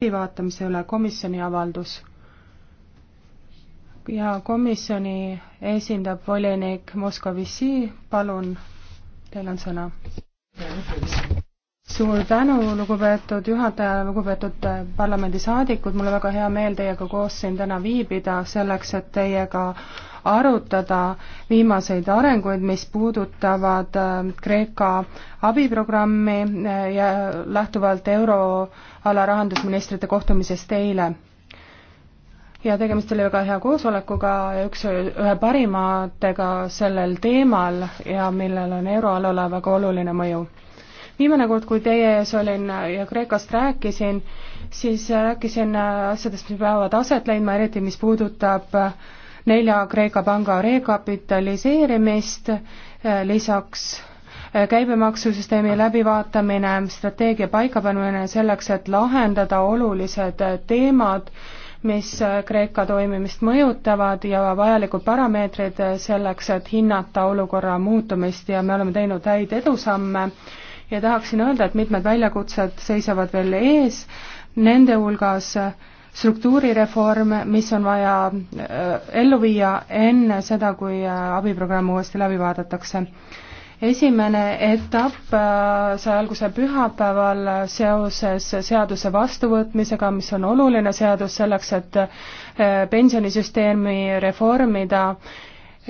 läbivaatamise üle komisjoni avaldus. ja komisjoni esindab volinik Moskovici, palun, teil on sõna suur tänu, lugupeetud juhataja, lugupeetud parlamendisaadikud, mul on väga hea meel teiega koos siin täna viibida, selleks et teiega arutada viimaseid arenguid, mis puudutavad äh, Kreeka abiprogrammi äh, ja lähtuvalt euroala rahandusministrite kohtumisest eile. ja tegemist oli väga hea koosolekuga ja üks, ühe parimatega sellel teemal ja millel on euroalale väga oluline mõju viimane kord, kui teie ees olin ja Kreekast rääkisin, siis rääkisin asjadest, mis peavad aset leidma, eriti mis puudutab nelja Kreeka panga rekapitaliseerimist, lisaks käibemaksusüsteemi läbivaatamine, strateegia paikapanemine selleks, et lahendada olulised teemad, mis Kreeka toimimist mõjutavad ja vajalikud parameetrid selleks, et hinnata olukorra muutumist ja me oleme teinud häid edusamme ja tahaksin öelda, et mitmed väljakutsed seisavad veel ees, nende hulgas struktuurireform, mis on vaja äh, ellu viia enne seda, kui äh, abiprogramm uuesti läbi vaadatakse esimene etapp äh, sai alguse pühapäeval seoses seaduse vastuvõtmisega, mis on oluline seadus selleks, et pensionisüsteemi reformida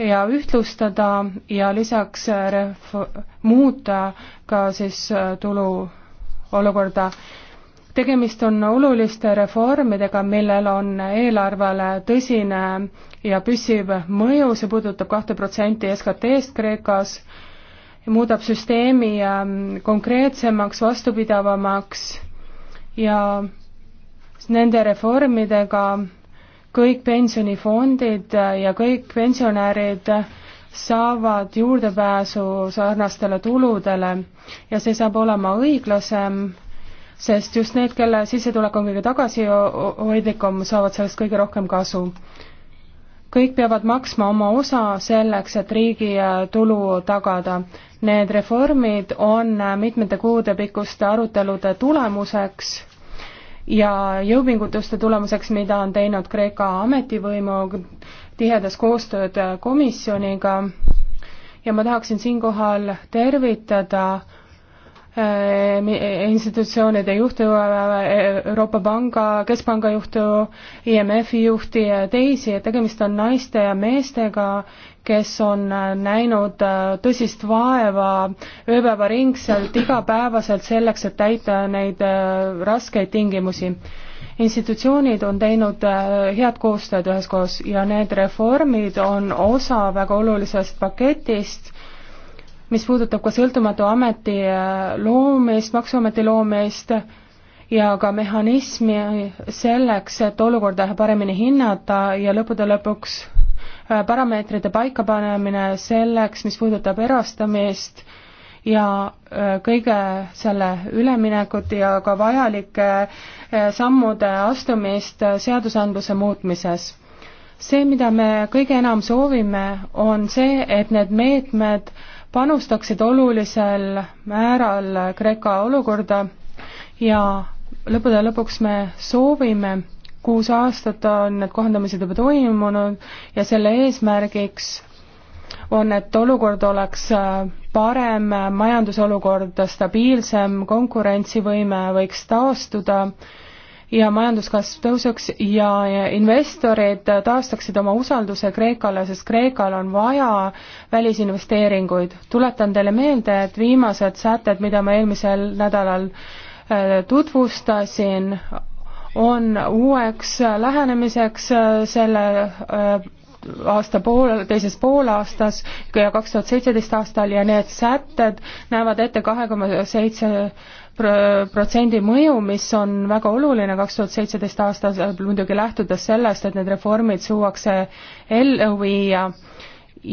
ja ühtlustada ja lisaks ref-, muuta ka siis äh, tulu olukorda. tegemist on oluliste reformidega, millel on eelarvele tõsine ja püsiv mõju, see puudutab kahte protsenti SKT-st Kreekas, muudab süsteemi ähm, konkreetsemaks, vastupidavamaks ja nende reformidega kõik pensionifondid ja kõik pensionärid saavad juurdepääsu sarnastele tuludele ja see saab olema õiglasem, sest just need, kelle sissetulek on kõige tagasihoidlikum, saavad sellest kõige rohkem kasu. kõik peavad maksma oma osa selleks, et riigi tulu tagada. Need reformid on mitmete kuude pikkuste arutelude tulemuseks ja jõupingutuste tulemuseks, mida on teinud Kreeka ametivõimu tihedas koostööd komisjoniga ja ma tahaksin siinkohal tervitada eh, eh, institutsioonide juhtu, eh, Euroopa Panga, Keskpanga juhtu, IMF-i juhti ja teisi, et tegemist on naiste ja meestega, kes on äh, näinud äh, tõsist vaeva ööpäevaringselt, igapäevaselt selleks, et täita neid äh, raskeid tingimusi. institutsioonid on teinud head koostööd üheskoos ja need reformid on osa väga olulisest paketist, mis puudutab ka sõltumatu ameti loomist, Maksuameti loomist, ja ka mehhanismi selleks, et olukorda paremini hinnata ja lõppude lõpuks Äh, parameetrite paikapanemine selleks, mis puudutab erastamist ja äh, kõige selle üleminekut ja ka vajalike äh, sammude astumist seadusandluse muutmises. see, mida me kõige enam soovime, on see, et need meetmed panustaksid olulisel määral Kreeka olukorda ja lõppude lõpuks me soovime, kuus aastat on need kohandamised juba toimunud ja selle eesmärgiks on, et olukord oleks äh, parem, majandusolukord stabiilsem, konkurentsivõime võiks taastuda ja majanduskasv tõuseks ja, ja investorid taastaksid oma usalduse Kreekale, sest Kreekal on vaja välisinvesteeringuid. tuletan teile meelde, et viimased sätted, mida ma eelmisel nädalal äh, tutvustasin, on uueks lähenemiseks äh, selle äh, aasta pool, teises poolaastas ja kaks tuhat seitseteist aastal ja need sätted näevad ette kahe koma seitse protsendi mõju, mis on väga oluline kaks tuhat seitseteist aastas, muidugi lähtudes sellest, et need reformid suuakse ellu viia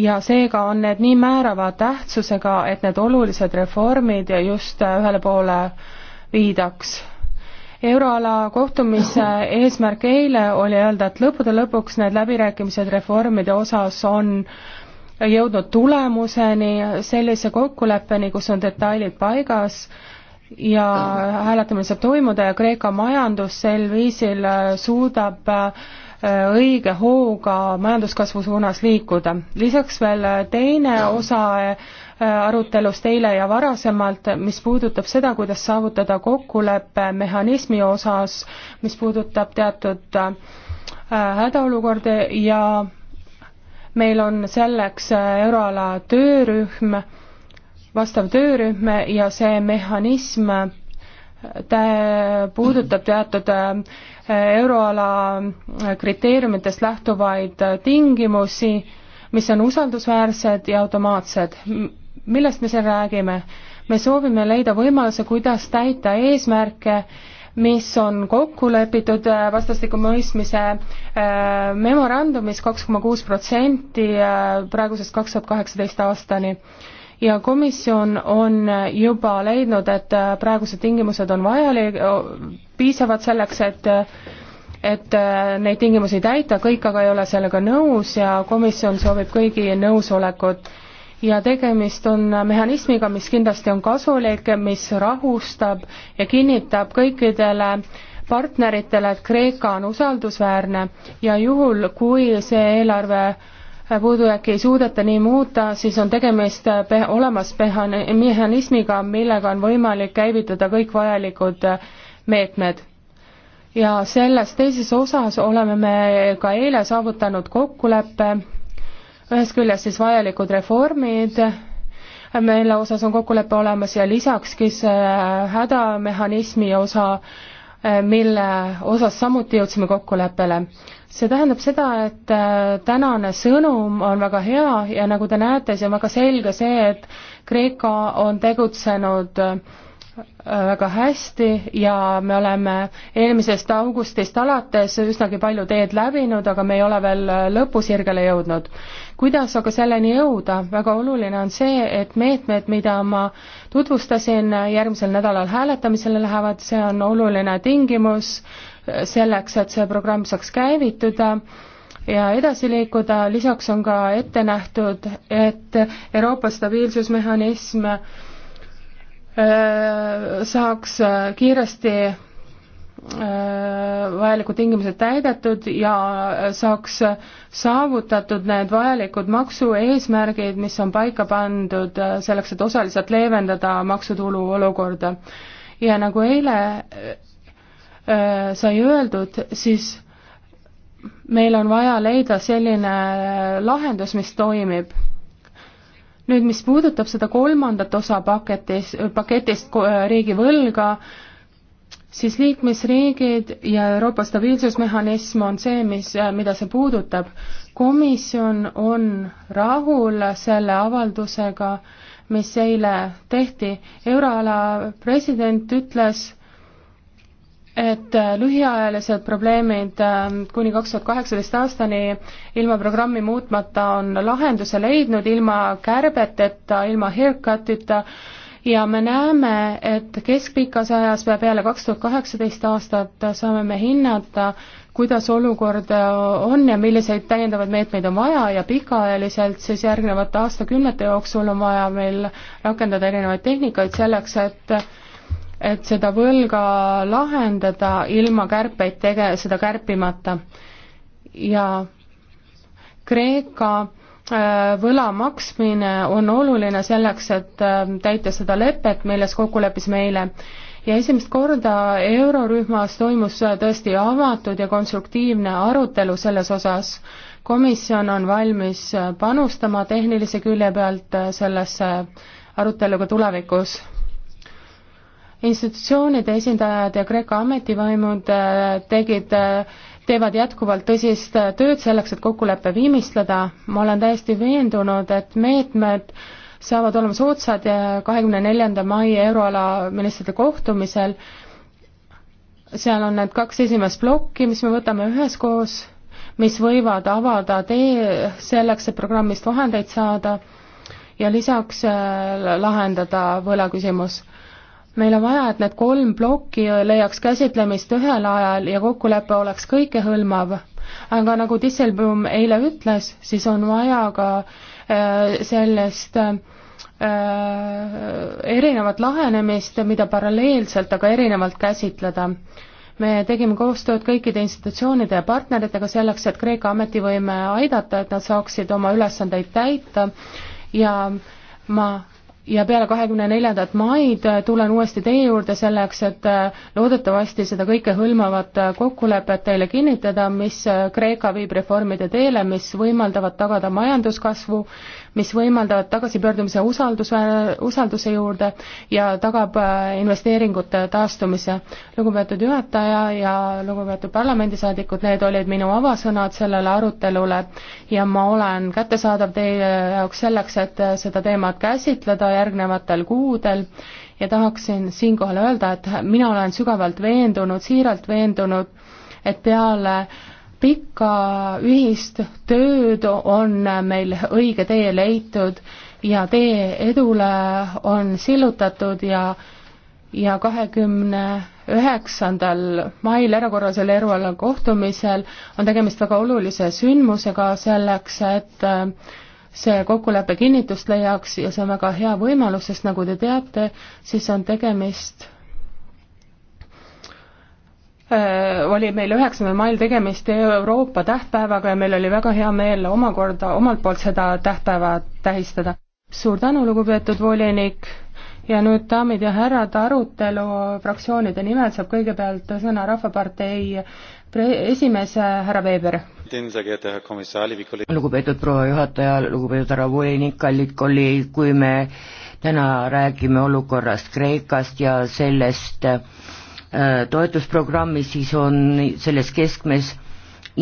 ja seega on need nii määrava tähtsusega, et need olulised reformid just ühele poole viidaks euroala kohtumise eesmärk eile oli öelda, et lõppude lõpuks need läbirääkimised reformide osas on jõudnud tulemuseni, sellise kokkuleppeni, kus on detailid paigas ja hääletamine saab toimuda ja Kreeka majandus sel viisil suudab äh, õige hooga majanduskasvu suunas liikuda. lisaks veel teine osa arutelust eile ja varasemalt, mis puudutab seda, kuidas saavutada kokkulepe mehhanismi osas, mis puudutab teatud äh, hädaolukordi ja meil on selleks äh, euroala töörühm, vastav töörühm ja see mehhanism ta puudutab teatud äh, euroala kriteeriumitest lähtuvaid tingimusi, mis on usaldusväärsed ja automaatsed millest me siin räägime? me soovime leida võimaluse, kuidas täita eesmärke, mis on kokku lepitud äh, vastastikku mõistmise äh, memorandumis kaks koma kuus protsenti äh, praegusest kaks tuhat kaheksateist aastani. ja komisjon on juba leidnud, et praegused tingimused on vajalik, piisavad selleks, et et neid tingimusi täita, kõik aga ei ole sellega nõus ja komisjon soovib kõigi nõusolekut ja tegemist on mehhanismiga, mis kindlasti on kasulik, mis rahustab ja kinnitab kõikidele partneritele, et Kreeka on usaldusväärne ja juhul, kui see eelarve puudujääki ei suudeta nii muuta, siis on tegemist pe-, olemas pehan-, mehhanismiga, millega on võimalik käivitada kõik vajalikud meetmed. ja selles teises osas oleme me ka eile saavutanud kokkuleppe ühest küljest siis vajalikud reformid, mille osas on kokkulepe olemas ja lisaks siis äh, hädamehhanismi osa, äh, mille osas samuti jõudsime kokkuleppele. see tähendab seda, et äh, tänane sõnum on väga hea ja nagu te näete, see on väga selge see, et Kreeka on tegutsenud äh, Äh, väga hästi ja me oleme eelmisest augustist alates üsnagi palju teed läbinud, aga me ei ole veel äh, lõpusirgele jõudnud. kuidas aga selleni jõuda, väga oluline on see, et meetmed, mida ma tutvustasin, äh, järgmisel nädalal hääletamisele lähevad, see on oluline tingimus selleks, et see programm saaks käivituda ja edasi liikuda, lisaks on ka ette nähtud, et Euroopa stabiilsusmehhanism Äh, saaks äh, kiiresti äh, vajalikud tingimused täidetud ja saaks saavutatud need vajalikud maksueesmärgid, mis on paika pandud selleks, et osaliselt leevendada maksutulu olukorda. ja nagu eile sai öeldud, siis meil on vaja leida selline lahendus, mis toimib nüüd, mis puudutab seda kolmandat osa paketis, paketist äh, riigivõlga, siis liikmesriigid ja Euroopa stabiilsusmehhanism on see, mis, äh, mida see puudutab. komisjon on rahul selle avaldusega, mis eile tehti. euroala president ütles, et äh, lühiajalised probleemid äh, kuni kaks tuhat kaheksateist aastani ilma programmi muutmata on lahenduse leidnud, ilma kärbeteta, ilma haircut'ita ja me näeme, et keskpikas ajas peale kaks tuhat kaheksateist aastat saame me hinnata, kuidas olukord äh, on ja milliseid täiendavaid meetmeid on vaja ja pikaajaliselt siis järgnevate aastakümnete jooksul on vaja meil rakendada erinevaid tehnikaid selleks, et et seda võlga lahendada ilma kärpeid tege-, seda kärpimata. ja Kreeka äh, võla maksmine on oluline selleks, et äh, täita seda lepet, milles kokku leppisime eile. ja esimest korda eurorühmas toimus äh, tõesti avatud ja konstruktiivne arutelu selles osas. komisjon on valmis panustama tehnilise külje pealt sellesse aruteluga tulevikus institutsioonide esindajad ja Kreeka ametivaimud äh, tegid, äh, teevad jätkuvalt tõsist äh, tööd selleks, et kokkulepe viimistleda, ma olen täiesti veendunud, et meetmed saavad olema soodsad kahekümne neljanda mai euroala ministrite kohtumisel, seal on need kaks esimest plokki, mis me võtame üheskoos, mis võivad avada tee selleks, et programmist vahendeid saada ja lisaks lahendada võlaküsimus meil on vaja, et need kolm plokki leiaks käsitlemist ühel ajal ja kokkulepe oleks kõikehõlmav. aga nagu Disselblum eile ütles, siis on vaja ka äh, sellest äh, äh, erinevat lahenemist, mida paralleelselt, aga erinevalt käsitleda. me tegime koostööd kõikide institutsioonide ja partneritega selleks, et Kreeka ametivõime aidata, et nad saaksid oma ülesandeid täita ja ma ja peale kahekümne neljandat maid tulen uuesti teie juurde selleks, et äh, loodetavasti seda kõikehõlmavat äh, kokkulepet teile kinnitada, mis äh, Kreeka viib reformide teele, mis võimaldavad tagada majanduskasvu mis võimaldavad tagasipöördumise usaldusväär-, usalduse juurde ja tagab äh, investeeringute taastumise. lugupeetud juhataja ja lugupeetud parlamendisaadikud, need olid minu avasõnad sellele arutelule ja ma olen kättesaadav teie jaoks selleks, et äh, seda teemat käsitleda järgnevatel kuudel ja tahaksin siinkohal öelda, et mina olen sügavalt veendunud, siiralt veendunud, et peale äh, pikka ühist tööd on meil õige tee leitud ja tee edule on sillutatud ja ja kahekümne üheksandal mail erakorralisel eruala kohtumisel on tegemist väga olulise sündmusega selleks, et äh, see kokkulepe kinnitust leiaks ja see on väga hea võimalus, sest nagu te teate, siis on tegemist Äh, oli meil üheksandal mail tegemist Euroopa tähtpäevaga ja meil oli väga hea meel omakorda omalt poolt seda tähtpäeva tähistada. suur tänu, lugupeetud volinik ja nüüd, daamid ja härrad, arutelu fraktsioonide nimel saab kõigepealt sõna Rahvapartei esimees härra Veber. lugupeetud proua juhataja, lugupeetud härra volinik, kallid kolleegid, kui me täna räägime olukorrast Kreekast ja sellest äh, Äh, toetusprogrammi, siis on selles keskmes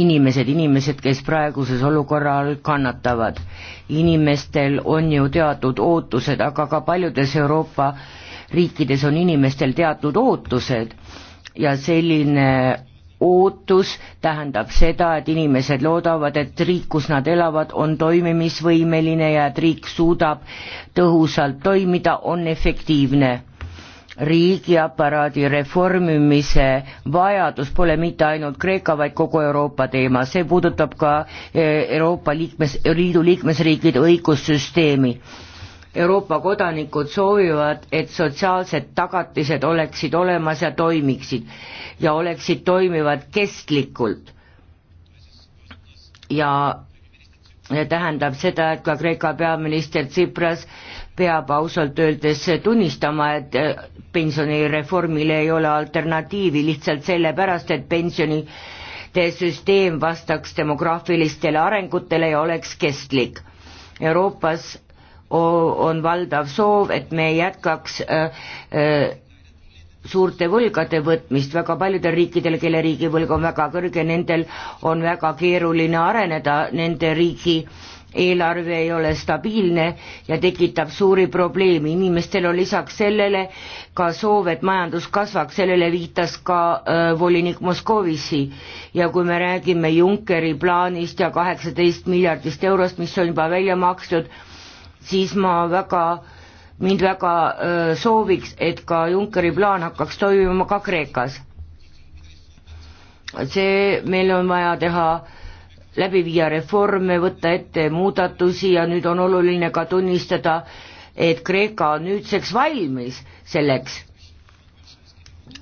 inimesed, inimesed, kes praeguses olukorra all kannatavad. inimestel on ju teatud ootused, aga ka paljudes Euroopa riikides on inimestel teatud ootused ja selline ootus tähendab seda, et inimesed loodavad, et riik, kus nad elavad, on toimimisvõimeline ja et riik suudab tõhusalt toimida, on efektiivne riigiaparaadi reformimise vajadus pole mitte ainult Kreeka, vaid kogu Euroopa teema, see puudutab ka eh, Euroopa liikmes, Liidu liikmesriikide õigussüsteemi. Euroopa kodanikud soovivad, et sotsiaalsed tagatised oleksid olemas ja toimiksid ja oleksid toimivad kestlikult. ja Ja tähendab seda, et ka Kreeka peaminister Tsipras peab ausalt öeldes tunnistama, et pensionireformile ei ole alternatiivi lihtsalt sellepärast, et pensionide süsteem vastaks demograafilistele arengutele ja oleks kestlik. Euroopas on valdav soov, et me jätkaks äh, äh, suurte võlgade võtmist, väga paljudel riikidel, kelle riigivõlg on väga kõrge, nendel on väga keeruline areneda, nende riigi eelarve ei ole stabiilne ja tekitab suuri probleeme, inimestel on lisaks sellele ka soov, et majandus kasvaks, sellele viitas ka äh, volinik Moskovitši. ja kui me räägime Junckeri plaanist ja kaheksateist miljardist eurost, mis on juba välja makstud, siis ma väga, mind väga äh, sooviks, et ka Junckeri plaan hakkaks toimima ka Kreekas. see, meil on vaja teha äh, läbi viia reforme, võtta ette muudatusi ja nüüd on oluline ka tunnistada, et Kreeka on nüüdseks valmis selleks.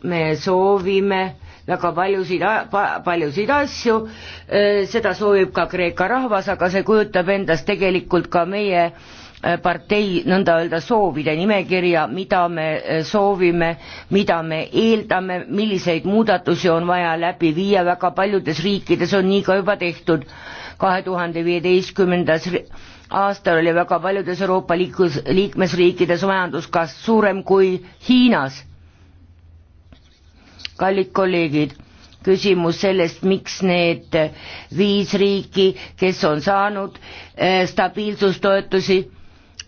me soovime väga paljusid, paljusid asju, äh, seda soovib ka Kreeka rahvas, aga see kujutab endast tegelikult ka meie äh, Äh, partei nõnda öelda soovide nimekirja, mida me äh, soovime, mida me eeldame, milliseid muudatusi on vaja läbi viia, väga paljudes riikides on nii ka juba tehtud. kahe tuhande viieteistkümnendas aastal oli väga paljudes Euroopa liiklus, liikmesriikides majanduskasv suurem kui Hiinas. kallid kolleegid küsimus sellest, miks need viis riiki, kes on saanud äh, stabiilsustoetusi,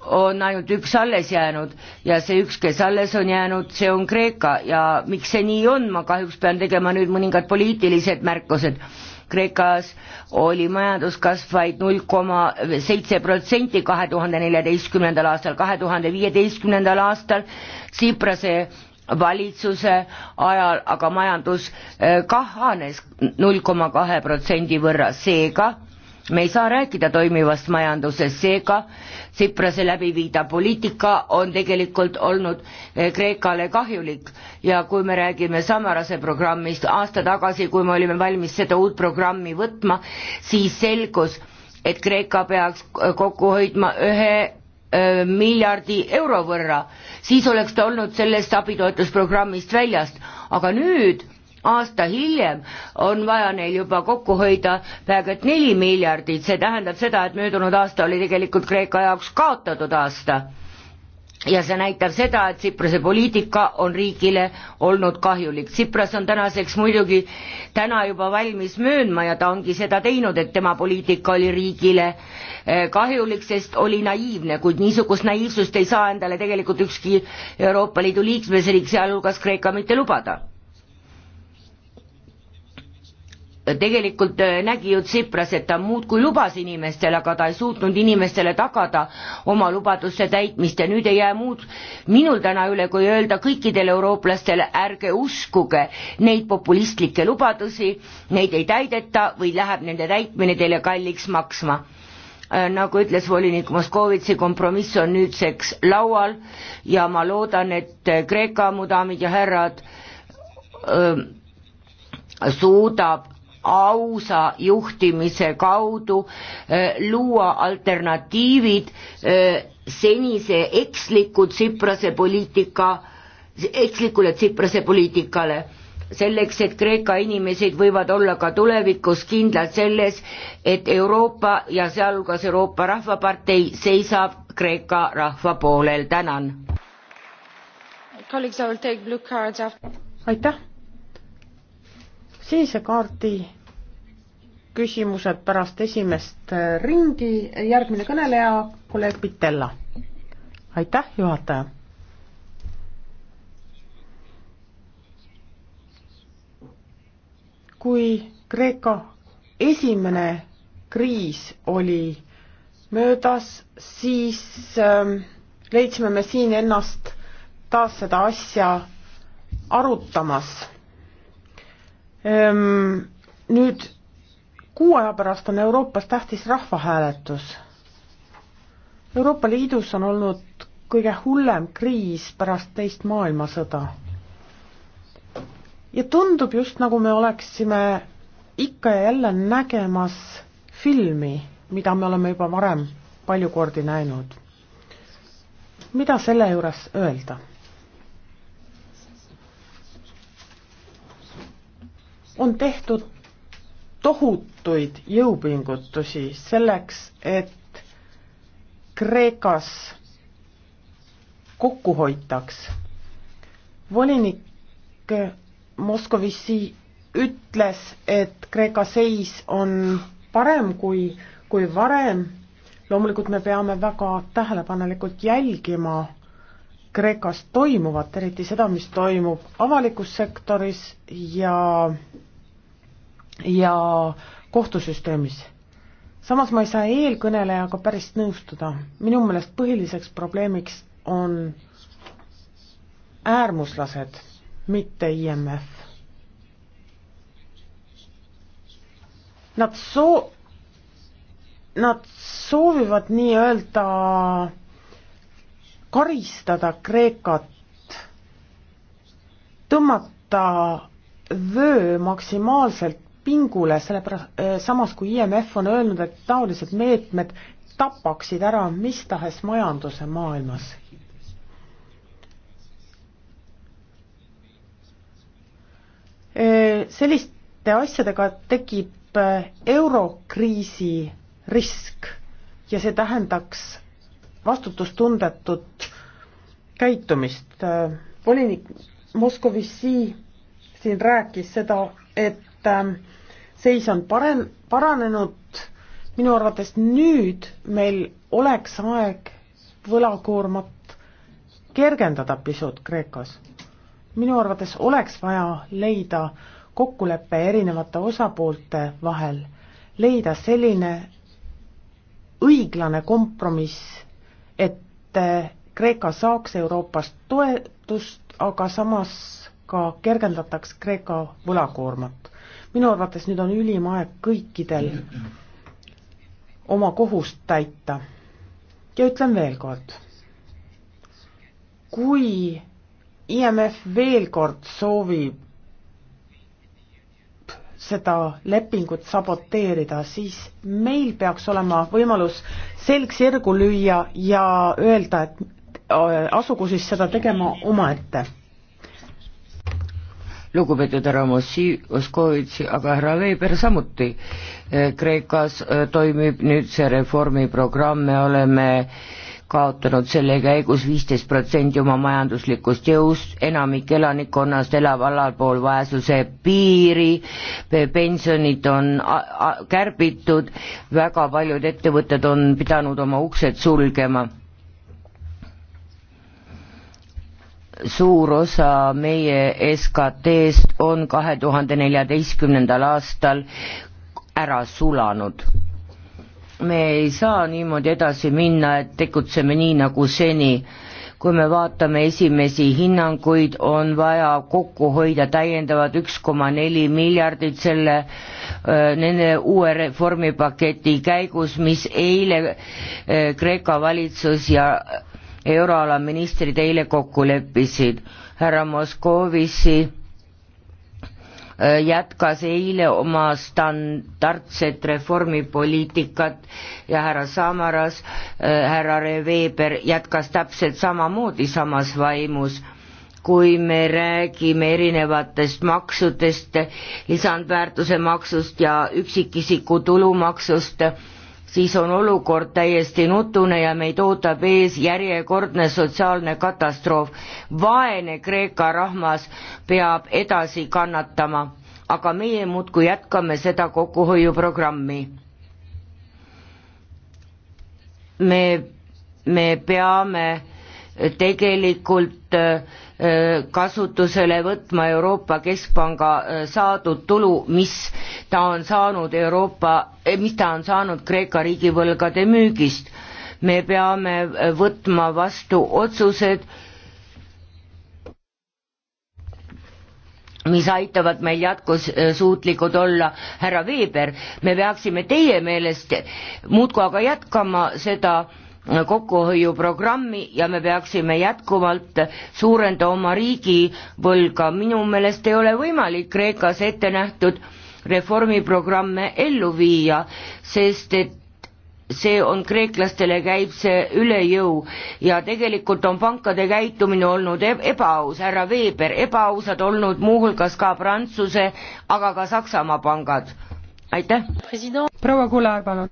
on ainult üks alles jäänud ja see üks, kes alles on jäänud, see on Kreeka ja miks see nii on, ma kahjuks pean tegema nüüd mõningad poliitilised märkused. Kreekas oli majanduskasv vaid null koma seitse protsenti kahe tuhande neljateistkümnendal aastal, kahe tuhande viieteistkümnendal aastal Tsiprase valitsuse ajal aga majandus eh, kahanes null koma kahe protsendi võrra, seega me ei saa rääkida toimivast majandusest, seega Tsiprase läbi viida poliitika on tegelikult olnud eh, Kreekale kahjulik ja kui me räägime Samarase programmist aasta tagasi, kui me olime valmis seda uut programmi võtma, siis selgus, et Kreeka peaks eh, kokku hoidma ühe eh, miljardi euro võrra, siis oleks ta olnud sellest abitoetusprogrammist väljast, aga nüüd aasta hiljem on vaja neil juba kokku hoida peaaegu et neli miljardit, see tähendab seda, et möödunud aasta oli tegelikult Kreeka jaoks kaotatud aasta. ja see näitab seda, et Tsiprase poliitika on riigile olnud kahjulik. Tsipras on tänaseks muidugi täna juba valmis möönma ja ta ongi seda teinud, et tema poliitika oli riigile eh, kahjulik, sest oli naiivne, kuid niisugust naiivsust ei saa endale tegelikult ükski Euroopa Liidu liikmesriik, sealhulgas Kreeka, mitte lubada tegelikult äh, nägi ju Tsipras, et ta muudkui lubas inimestele, aga ta ei suutnud inimestele tagada oma lubaduste täitmist ja nüüd ei jää muud minul täna üle, kui öelda kõikidele eurooplastele, ärge uskuge neid populistlikke lubadusi, neid ei täideta või läheb nende täitmine teile kalliks maksma äh, nagu ütles volinik Moskovitsi, kompromiss on nüüdseks laual ja ma loodan, et äh, Kreeka, mu daamid ja härrad, suudab ausa juhtimise kaudu eh, luua alternatiivid eh, senise eksliku Tsiprase poliitika, ekslikule Tsiprase poliitikale selleks, et Kreeka inimesed võivad olla ka tulevikus kindlad selles, et Euroopa ja sealhulgas Euroopa Rahvapartei seisab Kreeka rahva poolel, tänan. aitäh, sinise kaardi küsimused pärast esimest ringi, järgmine kõneleja, kolleeg Pitella. aitäh, juhataja. kui Kreeka esimene kriis oli möödas, siis ähm, leidsime me siin ennast taas seda asja arutamas Ehm, nüüd kuu aja pärast on Euroopas tähtis rahvahääletus. Euroopa Liidus on olnud kõige hullem kriis pärast teist maailmasõda. ja tundub just, nagu me oleksime ikka ja jälle nägemas filmi, mida me oleme juba varem palju kordi näinud. mida selle juures öelda? on tehtud tohutuid jõupingutusi selleks, et Kreekas kokku hoitaks. volinik Moskovici ütles, et Kreeka seis on parem kui, kui varem. loomulikult me peame väga tähelepanelikult jälgima Kreekas toimuvat, eriti seda, mis toimub avalikus sektoris ja ja kohtusüsteemis. samas ma ei saa eelkõnelejaga päris nõustuda, minu meelest põhiliseks probleemiks on äärmuslased, mitte IMF. Nad soo-, nad soovivad nii-öelda karistada Kreekat, tõmmata vöö maksimaalselt pingule, sellepärast äh, samas kui IMF on öelnud, et taolised meetmed tapaksid ära mis tahes majanduse maailmas. Äh, selliste asjadega tekib äh, eurokriisi risk ja see tähendaks vastutustundetut käitumist. volinik Moskovici siin rääkis seda, et Ähm, seis on parem, paranenud, minu arvates nüüd meil oleks aeg võlakoormat kergendada pisut Kreekas. minu arvates oleks vaja leida kokkulepe erinevate osapoolte vahel, leida selline õiglane kompromiss, et äh, Kreeka saaks Euroopast toetust, aga samas ka kergendataks Kreeka võlakoormat minu arvates nüüd on ülim aeg kõikidel oma kohust täita. ja ütlen veel kord, kui IMF veel kord soovib seda lepingut saboteerida, siis meil peaks olema võimalus selg sirgu lüüa ja öelda, et äh, asugu siis seda tegema omaette lugupeetud härra Mossi-, Oskovitši, aga härra Weber samuti. Eh, Kreekas eh, toimib nüüd see reformiprogramm, me oleme kaotanud selle käigus viisteist protsenti oma majanduslikust jõust, enamik elanikkonnast elab allapool vaesuse piiri, pensionid on kärbitud, väga paljud ettevõtted on pidanud oma uksed sulgema suur osa meie SKT-st on kahe tuhande neljateistkümnendal aastal ära sulanud. me ei saa niimoodi edasi minna, et tegutseme nii nagu seni. kui me vaatame esimesi hinnanguid, on vaja kokku hoida täiendavad üks koma neli miljardit selle, nende uue reformipaketi käigus, mis eile Kreeka valitsus ja euroala ministrid eile kokku leppisid. härra Moskovitši äh, jätkas eile oma standardset reformipoliitikat ja härra Samaras, äh, härra Reveber jätkas täpselt samamoodi samas vaimus. kui me räägime erinevatest maksudest, lisandväärtuse maksust ja üksikisiku tulumaksust, siis on olukord täiesti nutune ja meid ootab ees järjekordne sotsiaalne katastroof. vaene Kreeka rahvas peab edasi kannatama, aga meie muudkui jätkame seda kokkuhoiuprogrammi. me, me peame tegelikult äh, Äh, kasutusele võtma Euroopa Keskpanga äh, saadud tulu, mis ta on saanud Euroopa, äh, mis ta on saanud Kreeka riigivõlgade müügist. me peame võtma vastu otsused, mis aitavad meil jätkusuutlikud olla. härra Veber, me peaksime teie meelest muudkui aga jätkama seda äh, kokkuhoiuprogrammi ja me peaksime jätkuvalt suurendama oma riigivõlga, minu meelest ei ole võimalik Kreekas ette nähtud reformiprogramme ellu viia, sest et see on, kreeklastele käib see üle jõu ja tegelikult on pankade käitumine olnud e-, ebaaus, härra Weber, ebaausad olnud muuhulgas ka Prantsuse, aga ka Saksamaa pangad. aitäh. proua Kular, palun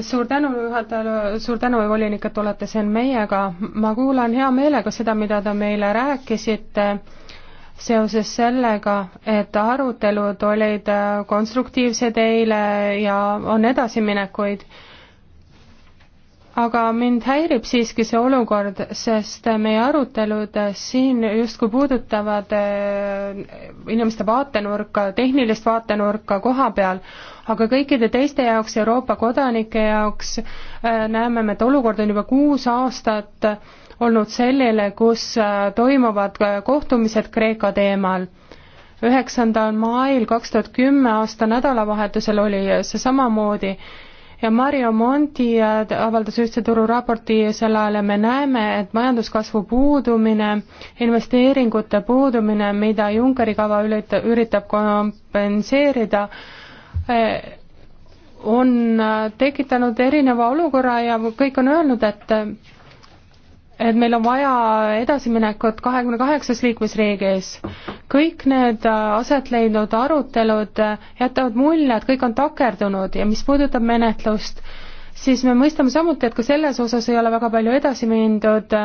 suur tänu juhatajale, suur tänu, volinik, et olete siin meiega. ma kuulan hea meelega seda, mida te meile rääkisite seoses sellega, et arutelud olid konstruktiivsed eile ja on edasiminekuid. aga mind häirib siiski see olukord, sest meie arutelud siin justkui puudutavad äh, inimeste vaatenurka, tehnilist vaatenurka koha peal, aga kõikide teiste jaoks, Euroopa kodanike jaoks äh, näeme me, et olukord on juba kuus aastat olnud sellele, kus äh, toimuvad äh, kohtumised Kreeka teemal üheksandal mail kaks tuhat kümme aasta nädalavahetusel oli see samamoodi ja Mario Monti avaldas ühtse turu raporti sel ajal ja me näeme, et majanduskasvu puudumine, investeeringute puudumine, mida Junckeri kava ülita-, üritab kompenseerida, Eh, on eh, tekitanud erineva olukorra ja kõik on öelnud, et eh, et meil on vaja edasiminekut kahekümne kaheksas liikmesriigis. kõik need aset leidnud arutelud jätavad mulje, et kõik on takerdunud ja mis puudutab menetlust, siis me mõistame samuti, et ka selles osas ei ole väga palju edasi mindud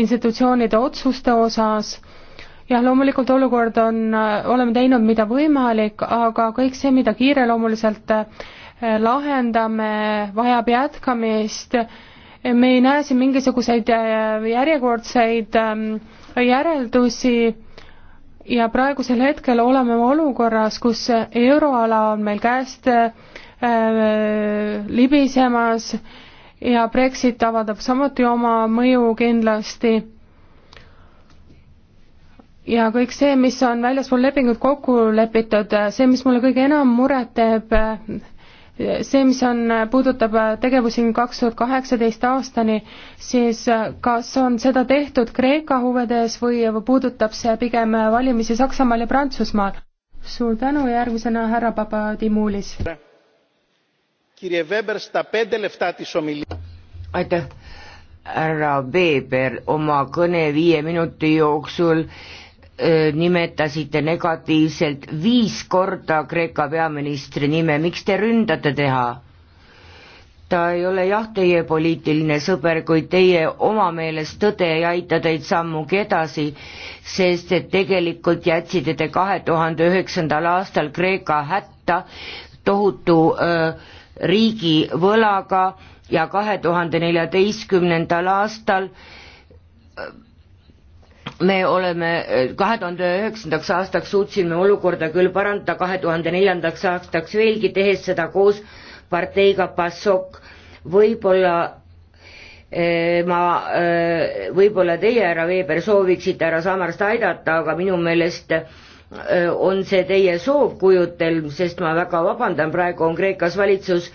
institutsioonide otsuste osas jah, loomulikult olukord on, äh, oleme teinud, mida võimalik, aga kõik see, mida kiireloomuliselt äh, lahendame, vajab jätkamist. me ei näe siin mingisuguseid äh, järjekordseid ähm, järeldusi ja praegusel hetkel oleme olukorras, kus euroala on meil käest äh, libisemas ja Brexit avaldab samuti oma mõju kindlasti ja kõik see, mis on väljaspool lepingut kokku lepitud, see, mis mulle kõige enam muret teeb, see, mis on, puudutab tegevusi kaks tuhat kaheksateist aastani, siis kas on seda tehtud Kreeka huvedes või puudutab see pigem valimisi Saksamaal ja Prantsusmaal? suur tänu, järgmisena härra Papadimulis. aitäh, härra Veber, oma kõne viie minuti jooksul nimetasite negatiivselt viis korda Kreeka peaministri nime, miks te ründate teha? ta ei ole jah, teie poliitiline sõber, kuid teie oma meelest tõde ei aita teid sammugi edasi, sest et tegelikult jätsite te kahe tuhande üheksandal aastal Kreeka hätta tohutu öö, riigivõlaga ja kahe tuhande neljateistkümnendal aastal öö, me oleme eh, kahe tuhande üheksandaks aastaks suutsime olukorda küll parandada kahe tuhande neljandaks aastaks veelgi, tehes seda koos parteiga PASOK. võib-olla eh, ma, eh, võib-olla teie, härra Veeber, sooviksite härra Samarst aidata, aga minu meelest on see teie soovkujutelm, sest ma väga vabandan, praegu on Kreekas valitsus,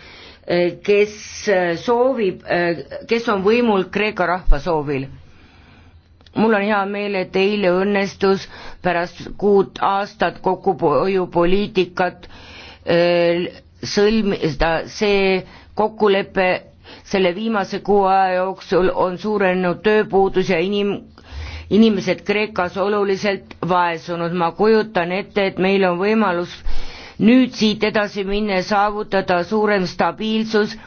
kes soovib, kes on võimul Kreeka rahva soovil mul on hea meel, et eile õnnestus pärast kuut aastat kokkuhoiupoliitikat äh, sõlmida see kokkulepe, selle viimase kuu aja jooksul on suurenenud tööpuudus ja inim-, inimesed Kreekas oluliselt vaesunud, ma kujutan ette, et meil on võimalus nüüd siit edasi minna ja saavutada suurem stabiilsus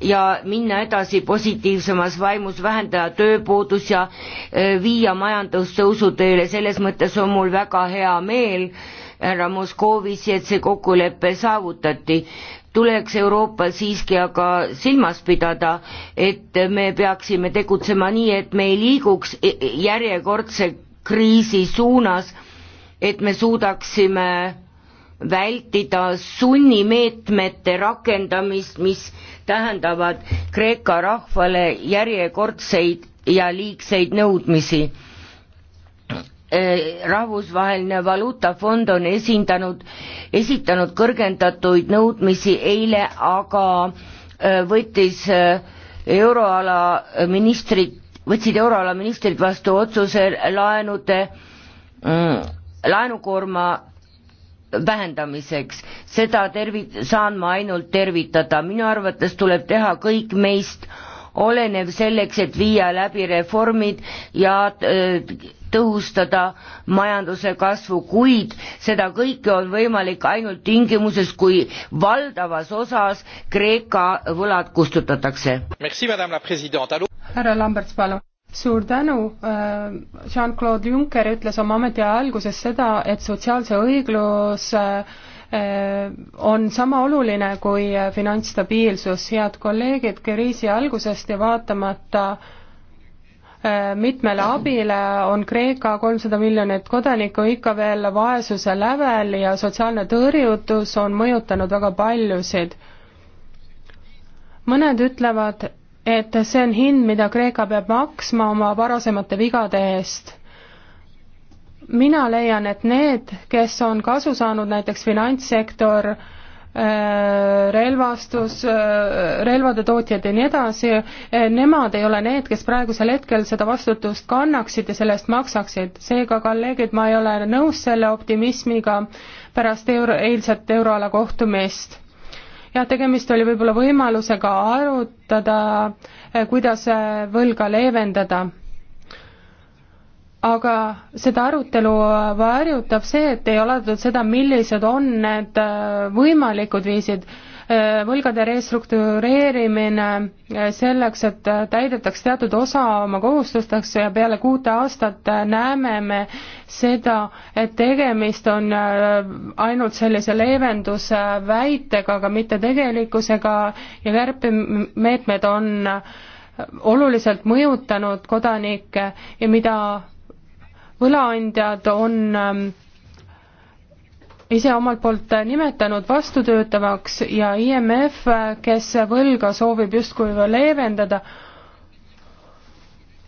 ja minna edasi positiivsemas vaimus, vähendada tööpuudus ja viia majandustõusu tööle, selles mõttes on mul väga hea meel härra Moskovici, et see kokkulepe saavutati tuleks Euroopal siiski aga silmas pidada, et me peaksime tegutsema nii, et me ei liiguks e-, järjekordse kriisi suunas, et me suudaksime vältida sunnimeetmete rakendamist, mis tähendavad Kreeka rahvale järjekordseid ja liigseid nõudmisi. Äh, rahvusvaheline Valuutafond on esindanud, esitanud kõrgendatuid nõudmisi eile, aga äh, võttis äh, euroala ministrid, võtsid euroala ministrid vastu otsuse laenude, mm, laenukoorma vähendamiseks. seda tervi-, saan ma ainult tervitada, minu arvates tuleb teha kõik meist olenev selleks, et viia läbi reformid ja äh, tõhustada majanduse kasvu, kuid seda kõike on võimalik ainult tingimuses, kui valdavas osas Kreeka võlad kustutatakse. härra Lamberts, palun suur tänu, äh, Jean-Claude Juncker ütles oma ametiaja alguses seda, et sotsiaalse õigluse äh, on sama oluline kui finantsstabiilsus, head kolleegid, kriisi algusest ja vaatamata äh, mitmele abile on Kreeka kolmsada miljonit kodanikku ikka veel vaesuse lävel ja sotsiaalne tõrjutus on mõjutanud väga paljusid mõned ütlevad, et see on hind, mida Kreeka peab maksma oma varasemate vigade eest. mina leian, et need, kes on kasu saanud näiteks finantssektor, äh, relvastus, äh, relvade tootjad ja nii edasi, äh, nemad ei ole need, kes praegusel hetkel seda vastutust kannaksid ja selle eest maksaksid. seega, kolleegid, ma ei ole nõus selle optimismiga pärast euro, eilset euroala kohtumist jah, tegemist oli võib-olla võimalusega arutada, eh, kuidas eh, võlga leevendada aga seda arutelu eh, varjutab see, et ei ole seda, millised on need võimalikud viisid võlgade restruktureerimine eh, selleks, et eh, täidetaks teatud osa oma kohustusteks ja peale kuute aastat eh, näeme me seda, et tegemist on ainult sellise leevenduse väitega, aga mitte tegelikkusega ja kärpemeetmed on oluliselt mõjutanud kodanikke ja mida võlaandjad on ise omalt poolt nimetanud vastutöötavaks ja IMF, kes võlga soovib justkui leevendada,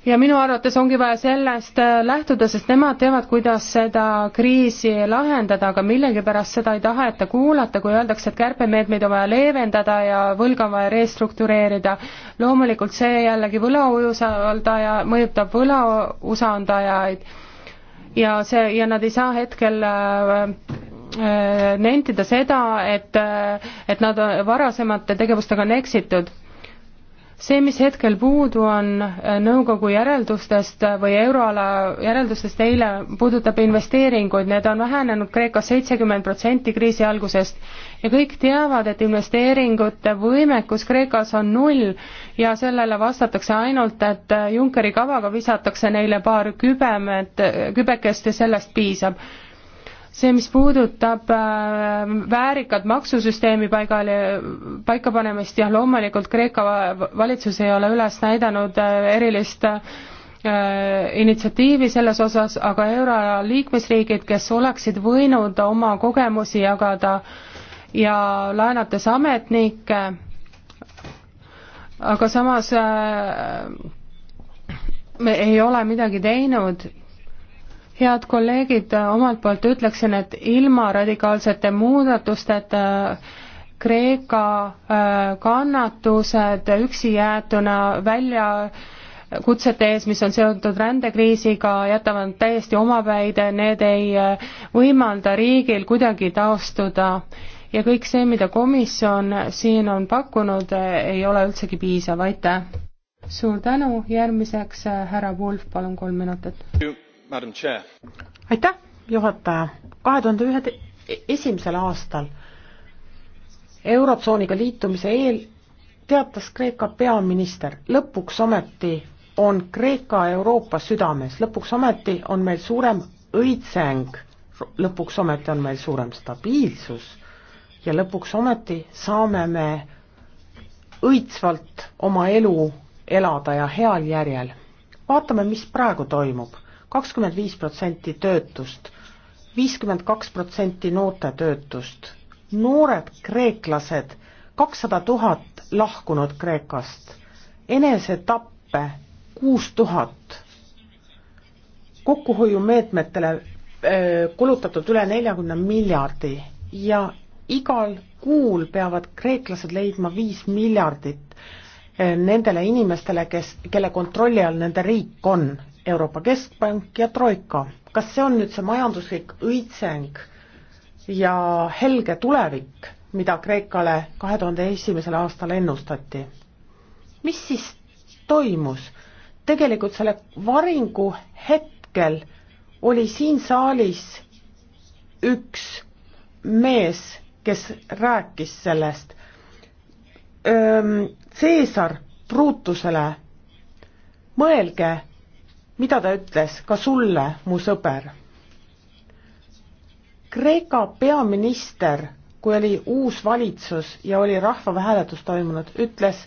ja minu arvates ongi vaja sellest lähtuda, sest nemad teavad, kuidas seda kriisi lahendada, aga millegipärast seda ei taheta kuulata, kui öeldakse, et kärpemeetmeid on vaja leevendada ja võlga on vaja restruktureerida. loomulikult see jällegi võlausaldaja, mõjutab võlausaldajaid ja see, ja nad ei saa hetkel äh, Äh, nentida seda, et, äh, et nad varasemate tegevustega on eksitud. see, mis hetkel puudu on äh, nõukogu järeldustest või euroala järeldustest eile, puudutab investeeringuid, need on vähenenud Kreekas seitsekümmend protsenti kriisi algusest ja kõik teavad, et investeeringute võimekus Kreekas on null ja sellele vastatakse ainult, et Junckeri kavaga visatakse neile paar kübemet, kübekest ja sellest piisab see, mis puudutab äh, väärikat maksusüsteemi paigale, paikapanemist, jah, loomulikult Kreeka valitsus ei ole üles näidanud äh, erilist äh, initsiatiivi selles osas, aga euroala liikmesriigid, kes oleksid võinud oma kogemusi jagada ja laenates ametnikke, aga samas me ei ole midagi teinud head kolleegid, omalt poolt ütleksin, et ilma radikaalsete muudatusteta äh, Kreeka äh, kannatused üksijäetuna välja äh, kutsete ees, mis on seotud rändekriisiga, jätavad täiesti omapäide, need ei võimalda riigil kuidagi taastuda. ja kõik see, mida komisjon siin on pakkunud, ei ole üldsegi piisav, aitäh! suur tänu, järgmiseks härra Wulf, palun kolm minutit aitäh, juhataja. kahe tuhande ühe esimesel aastal Eurotsooniga liitumise eel teatas Kreeka peaminister, lõpuks ometi on Kreeka Euroopa südames, lõpuks ometi on meil suurem õitseng, lõpuks ometi on meil suurem stabiilsus ja lõpuks ometi saame me õitsvalt oma elu elada ja heal järjel. vaatame, mis praegu toimub kakskümmend viis protsenti töötust, viiskümmend kaks protsenti noorte töötust, noored kreeklased, kakssada tuhat lahkunud Kreekast, enesetappe kuus tuhat, kokkuhoiumeetmetele kulutatud üle neljakümne miljardi ja igal kuul peavad kreeklased leidma viis miljardit nendele inimestele, kes, kelle kontrolli all nende riik on. Euroopa Keskpank ja Troika. kas see on nüüd see majanduslik õitseng ja helge tulevik, mida Kreekale kahe tuhande esimesel aastal ennustati? mis siis toimus? tegelikult selle varingu hetkel oli siin saalis üks mees, kes rääkis sellest. Caesar Brutusele, mõelge mida ta ütles, ka sulle, mu sõber. Kreeka peaminister, kui oli uus valitsus ja oli rahvahääletus toimunud, ütles,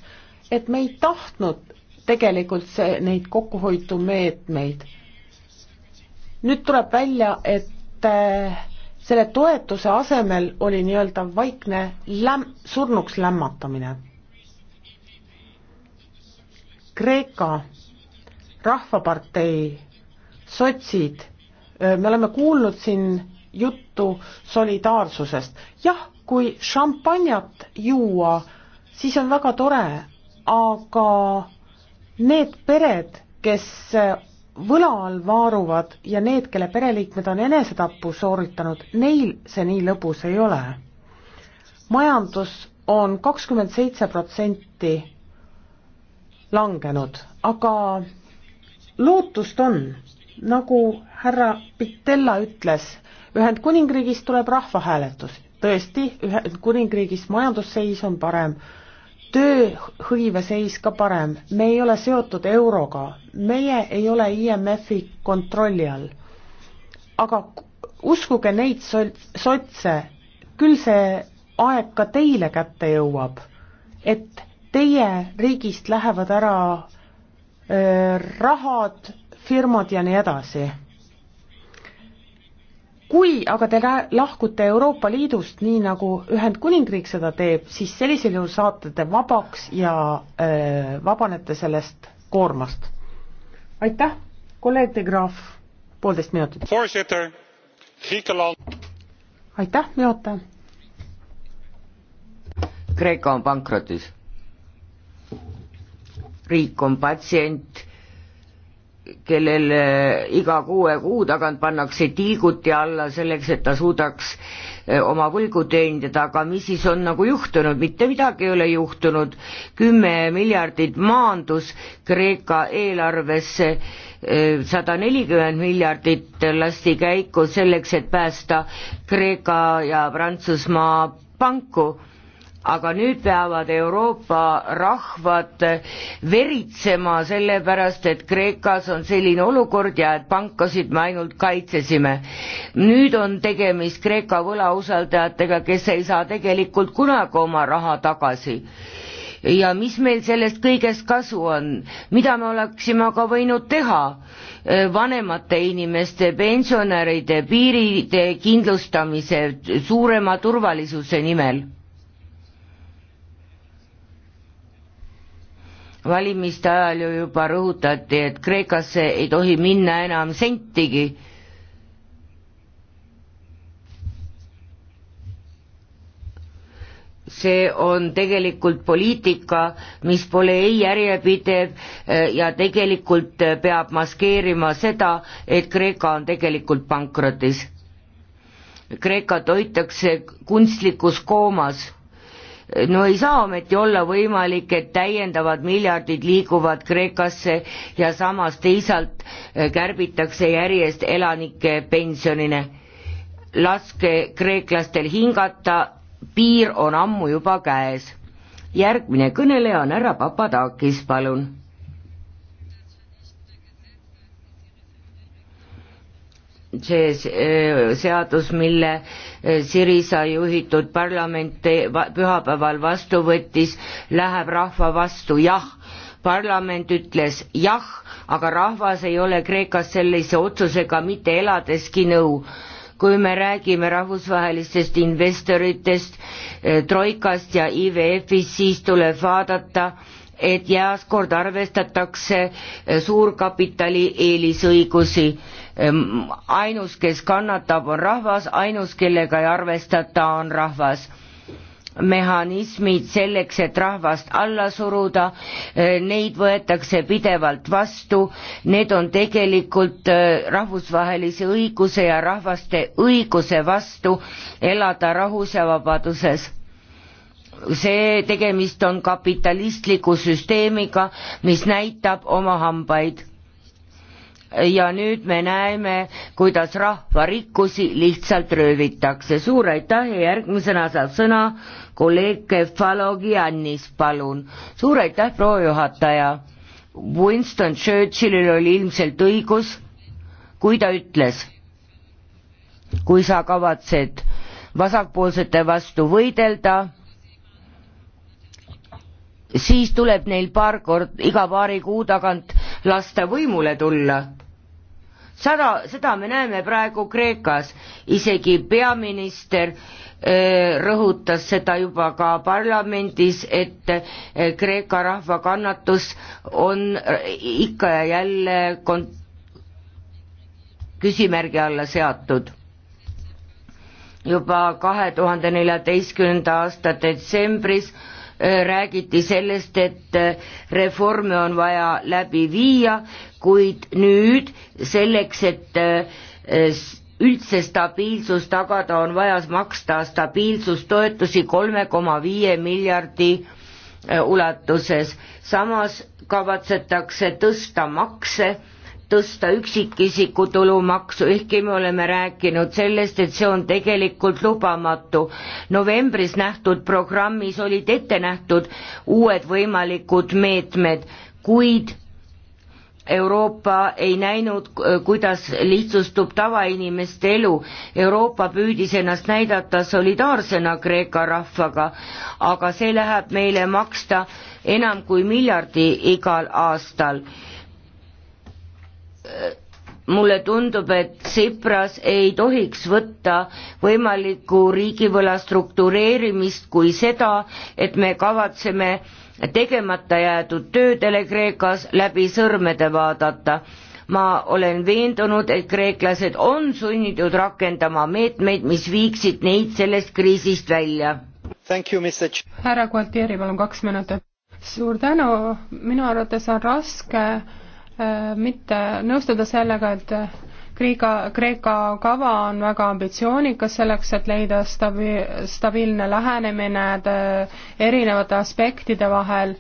et me ei tahtnud tegelikult see, neid kokkuhoidumeetmeid. nüüd tuleb välja, et äh, selle toetuse asemel oli nii-öelda vaikne läm-, surnuks lämmatamine. Kreeka Rahvapartei, sotsid, me oleme kuulnud siin juttu solidaarsusest. jah, kui šampanjat juua, siis on väga tore, aga need pered, kes võla all vaaruvad ja need, kelle pereliikmed on enesetapu sooritanud, neil see nii lõbus ei ole. majandus on kakskümmend seitse protsenti langenud, aga lootust on, nagu härra Pitella ütles, Ühendkuningriigis tuleb rahvahääletus, tõesti, Ühendkuningriigis majandusseis on parem, tööhõive seis ka parem, me ei ole seotud euroga, meie ei ole IMF-i kontrolli all. aga uskuge neid sotse, küll see aeg ka teile kätte jõuab, et teie riigist lähevad ära rahad, firmad ja nii edasi. kui aga te lahkute Euroopa Liidust, nii nagu Ühendkuningriik seda teeb, siis sellisel juhul saate te vabaks ja öö, vabanete sellest koormast. aitäh, kolleeg De Graaf, poolteist minutit. aitäh, juhataja. Kreeka on pankrotis riik on patsient, kellel äh, iga kuue kuu tagant pannakse tiiguti alla selleks, et ta suudaks äh, oma võlgu teenindada, aga mis siis on nagu juhtunud, mitte midagi ei ole juhtunud, kümme miljardit maandus Kreeka eelarvesse, äh, sada nelikümmend miljardit lasti käiku selleks, et päästa Kreeka ja Prantsusmaa panku aga nüüd peavad Euroopa rahvad veritsema sellepärast, et Kreekas on selline olukord ja et pankasid me ainult kaitsesime. nüüd on tegemist Kreeka võlausaldajatega, kes ei saa tegelikult kunagi oma raha tagasi ja mis meil sellest kõigest kasu on, mida me oleksime aga võinud teha vanemate inimeste, pensionäride, piiride kindlustamise, suurema turvalisuse nimel valimiste ajal ju juba rõhutati, et Kreekasse ei tohi minna enam sentigi see on tegelikult poliitika, mis pole ei järjepidev eh, ja tegelikult eh, peab maskeerima seda, et Kreeka on tegelikult pankrotis. Kreekat hoitakse kunstlikus koomas no ei saa ometi olla võimalik, et täiendavad miljardid liiguvad Kreekasse ja samas teisalt äh, kärbitakse järjest elanike pensionine. laske kreeklastel hingata, piir on ammu juba käes. järgmine kõneleja on härra Papadakis, palun see eh, seadus, mille eh, Sirisa juhitud parlament pühapäeval vastu võttis, läheb rahva vastu, jah. parlament ütles jah, aga rahvas ei ole Kreekas sellise otsusega mitte eladeski nõu kui me räägime rahvusvahelistest investoritest, eh, Troikast ja IWF-ist, siis tuleb vaadata, et jaaskord arvestatakse suurkapitali eelisõigusi ainus, kes kannatab, on rahvas, ainus, kellega ei arvestata, on rahvas mehhanismid selleks, et rahvast alla suruda, eh, neid võetakse pidevalt vastu, need on tegelikult eh, rahvusvahelise õiguse ja rahvaste õiguse vastu elada rahus ja vabaduses see tegemist on kapitalistliku süsteemiga, mis näitab oma hambaid ja nüüd me näeme, kuidas rahvarikkusi lihtsalt röövitakse. suur aitäh ja järgmisena saab sõna kolleeg Kefalo Giannis, palun. suur aitäh, proua juhataja. Winston Churchillil oli ilmselt õigus, kui ta ütles, kui sa kavatsed vasakpoolsete vastu võidelda, siis tuleb neil paar kord iga paari kuu tagant lasta võimule tulla sada, seda me näeme praegu Kreekas, isegi peaminister öö, eh, rõhutas seda juba ka parlamendis, et eh, Kreeka rahva kannatus on eh, ikka ja jälle kon-, küsimärgi alla seatud. juba kahe tuhande neljateistkümnenda aasta detsembris räägiti sellest, et reforme on vaja läbi viia, kuid nüüd selleks, et üldse stabiilsus tagada, on vaja maksta stabiilsustoetusi kolme koma viie miljardi ulatuses. samas kavatsetakse tõsta makse tõsta üksikisiku tulumaksu, ehkki me oleme rääkinud sellest, et see on tegelikult lubamatu. novembris nähtud programmis olid ette nähtud uued võimalikud meetmed, kuid Euroopa ei näinud, kuidas lihtsustub tavainimeste elu. Euroopa püüdis ennast näidata solidaarsena Kreeka rahvaga, aga see läheb meile maksta enam kui miljardi igal aastal mulle tundub, et Tsipras ei tohiks võtta võimalikku riigivõla struktureerimist kui seda, et me kavatseme tegemata jäetud töödele Kreekas läbi sõrmede vaadata. ma olen veendunud, et kreeklased on sunnitud rakendama meetmeid, mis viiksid neid sellest kriisist välja. härra Gualtieri, palun kaks minutit. suur tänu, minu arvates on raske Äh, mitte nõustuda sellega, et äh, Kreeka, Kreeka kava on väga ambitsioonikas selleks, et leida stabi-, stabiilne lähenemine äh, erinevate aspektide vahel,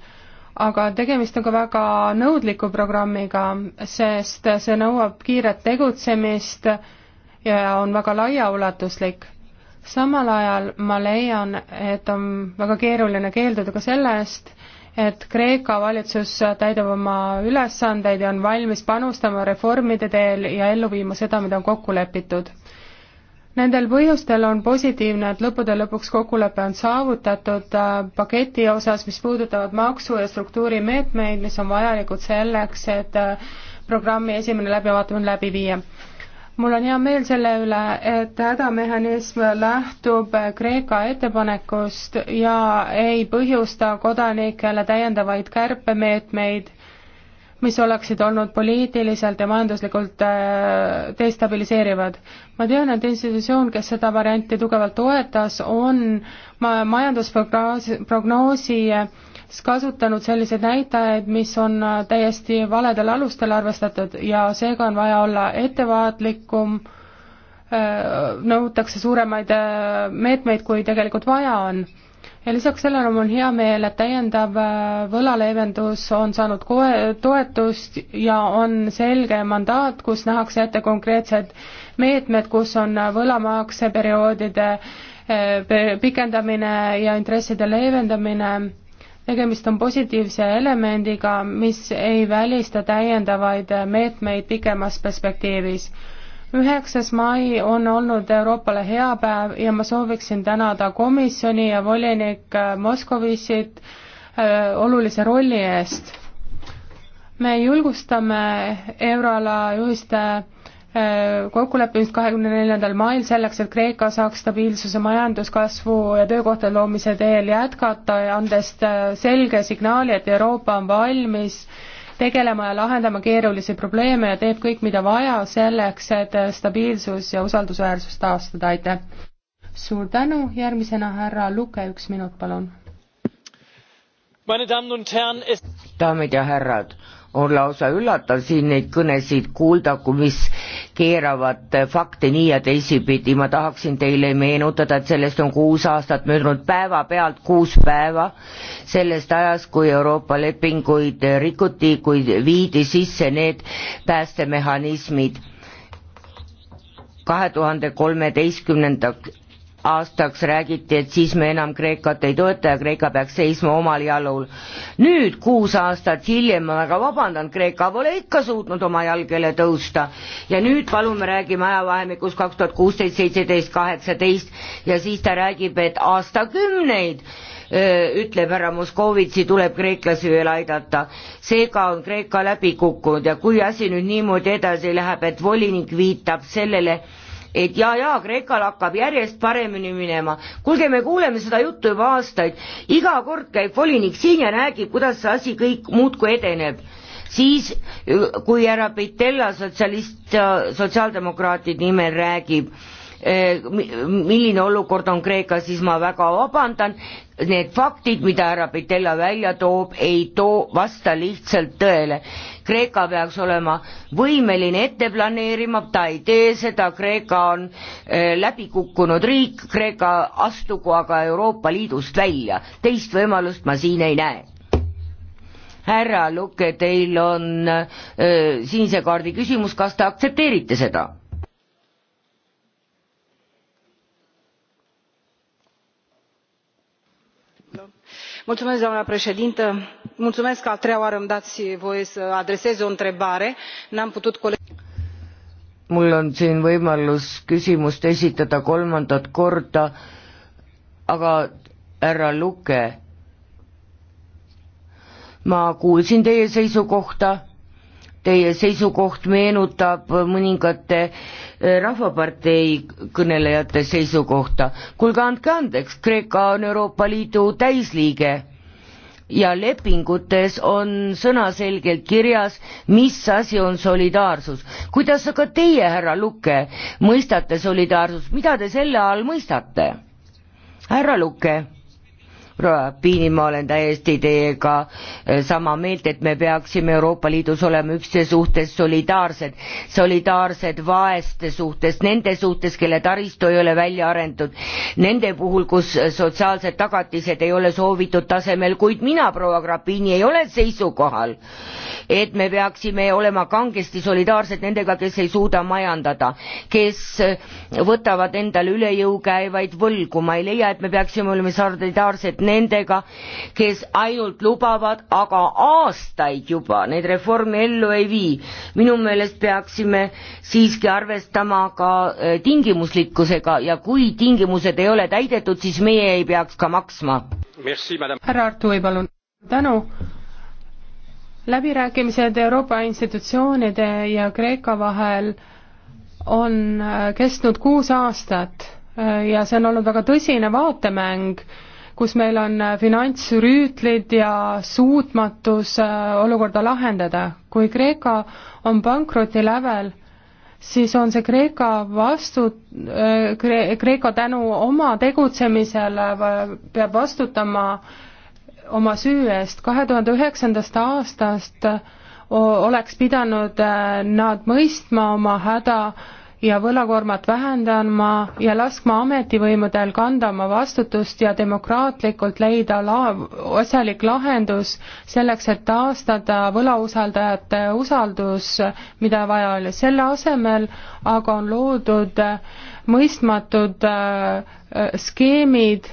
aga tegemist on ka väga nõudliku programmiga, sest see nõuab kiiret tegutsemist ja on väga laiaulatuslik samal ajal ma leian, et on väga keeruline keelduda ka selle eest, et Kreeka valitsus täidab oma ülesandeid ja on valmis panustama reformide teel ja ellu viima seda, mida on kokku lepitud. Nendel põhjustel on positiivne, et lõppude lõpuks kokkulepe on saavutatud äh, paketi osas, mis puudutavad maksu- ja struktuurimeetmeid, mis on vajalikud selleks, et äh, programmi esimene läbivaatamine läbi viia mul on hea meel selle üle, et hädamehhanism lähtub Kreeka ettepanekust ja ei põhjusta kodanikele täiendavaid kärpemeetmeid, mis oleksid olnud poliitiliselt ja majanduslikult äh, destabiliseerivad. ma tean, et institutsioon, kes seda varianti tugevalt toetas, on majandusprognoosi prognoosi äh, kasutanud selliseid näitajaid, mis on äh, täiesti valedel alustel arvestatud ja seega on vaja olla ettevaatlikum, äh, nõutakse suuremaid äh, meetmeid, kui tegelikult vaja on. ja lisaks sellele on mul hea meel, et täiendav võlaleevendus on saanud koe-, toetust ja on selge mandaat, kus nähakse ette konkreetsed meetmed, kus on võlamakseperioodide pikendamine ja intresside leevendamine tegemist on positiivse elemendiga, mis ei välista täiendavaid meetmeid pikemas perspektiivis. üheksas mai on olnud Euroopale hea päev ja ma sooviksin tänada komisjoni ja volinik Moskovitšit äh, olulise rolli eest. me julgustame euroala juhiste kokkuleppimist kahekümne neljandal mail selleks, et Kreeka saaks stabiilsuse, majanduskasvu ja töökohtade loomise teel jätkata ja andes äh, selge signaali, et Euroopa on valmis tegelema ja lahendama keerulisi probleeme ja teeb kõik, mida vaja selleks, et stabiilsus ja usaldusväärsus taastada, aitäh! suur tänu, järgmisena härra Luke, üks minut, palun! daamid ja härrad on lausa üllatav siin neid kõnesid kuulda, mis keeravad fakte nii ja teisipidi, ma tahaksin teile meenutada, et sellest on kuus aastat möödunud, päevapealt kuus päeva, sellest ajast, kui Euroopa lepinguid rikuti, kui viidi sisse need päästemehhanismid kahe tuhande kolmeteistkümnendaks aastaks räägiti, et siis me enam Kreekat ei toeta ja Kreeka peaks seisma omal jalul. nüüd, kuus aastat hiljem, ma väga vabandan, Kreeka pole ikka suutnud oma jalgele tõusta ja nüüd palun me räägime ajavahemikus kaks tuhat kuusteist, seitseteist, kaheksateist ja siis ta räägib, et aastakümneid ütleb härra Moskovitsi, tuleb kreeklasi veel aidata. seega on Kreeka läbi kukkunud ja kui asi nüüd niimoodi edasi läheb, et volinik viitab sellele, et jaa-jaa, Kreekal hakkab järjest paremini minema. kuulge, me kuuleme seda juttu juba aastaid, iga kord käib volinik siin ja räägib, kuidas see asi kõik muudkui edeneb. siis, kui härra Pitella sotsialist, sotsiaaldemokraatide nimel räägib, Eh, milline olukord on Kreekas, siis ma väga vabandan, need faktid, mida härra Pitella välja toob, ei too, vasta lihtsalt tõele. Kreeka peaks olema võimeline ette planeerima, ta ei tee seda, Kreeka on eh, läbi kukkunud riik, Kreeka astugu aga Euroopa Liidust välja, teist võimalust ma siin ei näe härra Luke, teil on öö, eh, sinise kaardi küsimus, kas te aktsepteerite seda? doamnă președintă mulțumesc că a treia oară îmi dați voie să adresez o întrebare n am putut mul on siin võimalus küsimust esitada kolmandat korda aga härra Luke ma kuulsin teie seisukohta teie seisukoht meenutab mõningate eh, Rahvapartei kõnelejate seisukohta. kuulge, andke andeks, Kreeka on Euroopa Liidu täisliige ja lepingutes on sõnaselgelt kirjas, mis asi on solidaarsus. kuidas aga teie, härra Luke, mõistate solidaarsust, mida te selle all mõistate? härra Luke proua Piini, ma olen täiesti teiega eh, sama meelt, et me peaksime Euroopa Liidus olema üksteise suhtes solidaarsed, solidaarsed vaeste suhtes, nende suhtes, kelle taristu ei ole välja arendatud, nende puhul, kus sotsiaalsed tagatised ei ole soovitud tasemel, kuid mina, proua Grapini, ei ole seisukohal, et me peaksime olema kangesti solidaarsed nendega, kes ei suuda majandada, kes võtavad endale üle jõu käivaid võlgu, ma ei leia, et me peaksime olema solidaarsed nendega, kes ainult lubavad, aga aastaid juba neid reforme ellu ei vii. minu meelest peaksime siiski arvestama ka äh, tingimuslikkusega ja kui tingimused ei ole täidetud, siis meie ei peaks ka maksma. härra Artui, palun. tänu läbirääkimised Euroopa institutsioonide ja Kreeka vahel on äh, kestnud kuus aastat äh, ja see on olnud väga tõsine vaatemäng kus meil on äh, finantsrüütlid ja suutmatus äh, olukorda lahendada. kui Kreeka on pankroti lävel, siis on see Kreeka vastu, äh, Kreeka tänu oma tegutsemisele peab vastutama oma süü eest. kahe tuhande üheksandast aastast oleks pidanud nad mõistma oma häda ja võlakoormat vähendama ja laskma ametivõimudel kanda oma vastutust ja demokraatlikult leida la-, asjalik lahendus selleks, et taastada võlausaldajate usaldus, mida vaja oli. selle asemel aga on loodud mõistmatud äh, skeemid,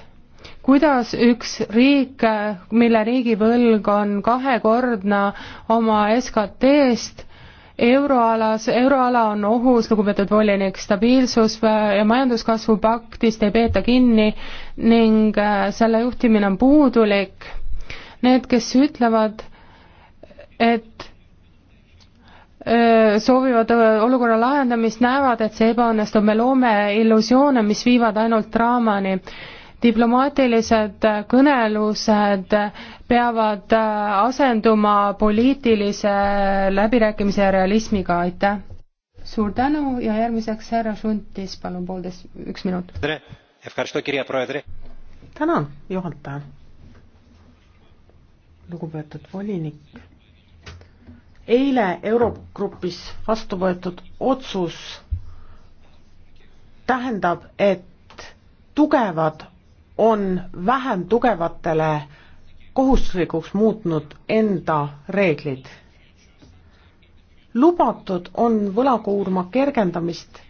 kuidas üks riik, mille riigivõlg on kahekordne oma SKT-st, euroalas, euroala on ohus, lugupeetud volinik, stabiilsus äh, ja majanduskasvu paktist ei peeta kinni ning äh, selle juhtimine on puudulik. Need, kes ütlevad, et äh, soovivad olukorra lahendamist, näevad, et see ebaõnnestub, me loome illusioone, mis viivad ainult draamani diplomaatilised kõnelused peavad asenduma poliitilise läbirääkimise realismiga, aitäh! suur tänu ja järgmiseks härra Šuntis, palun poolteist, üks minut. tänan, juhataja. lugupeetud volinik. eile Eurogrupis vastu võetud otsus tähendab, et tugevad on vähem tugevatele kohustuslikuks muutnud enda reeglid. lubatud on võlakoorma kergendamist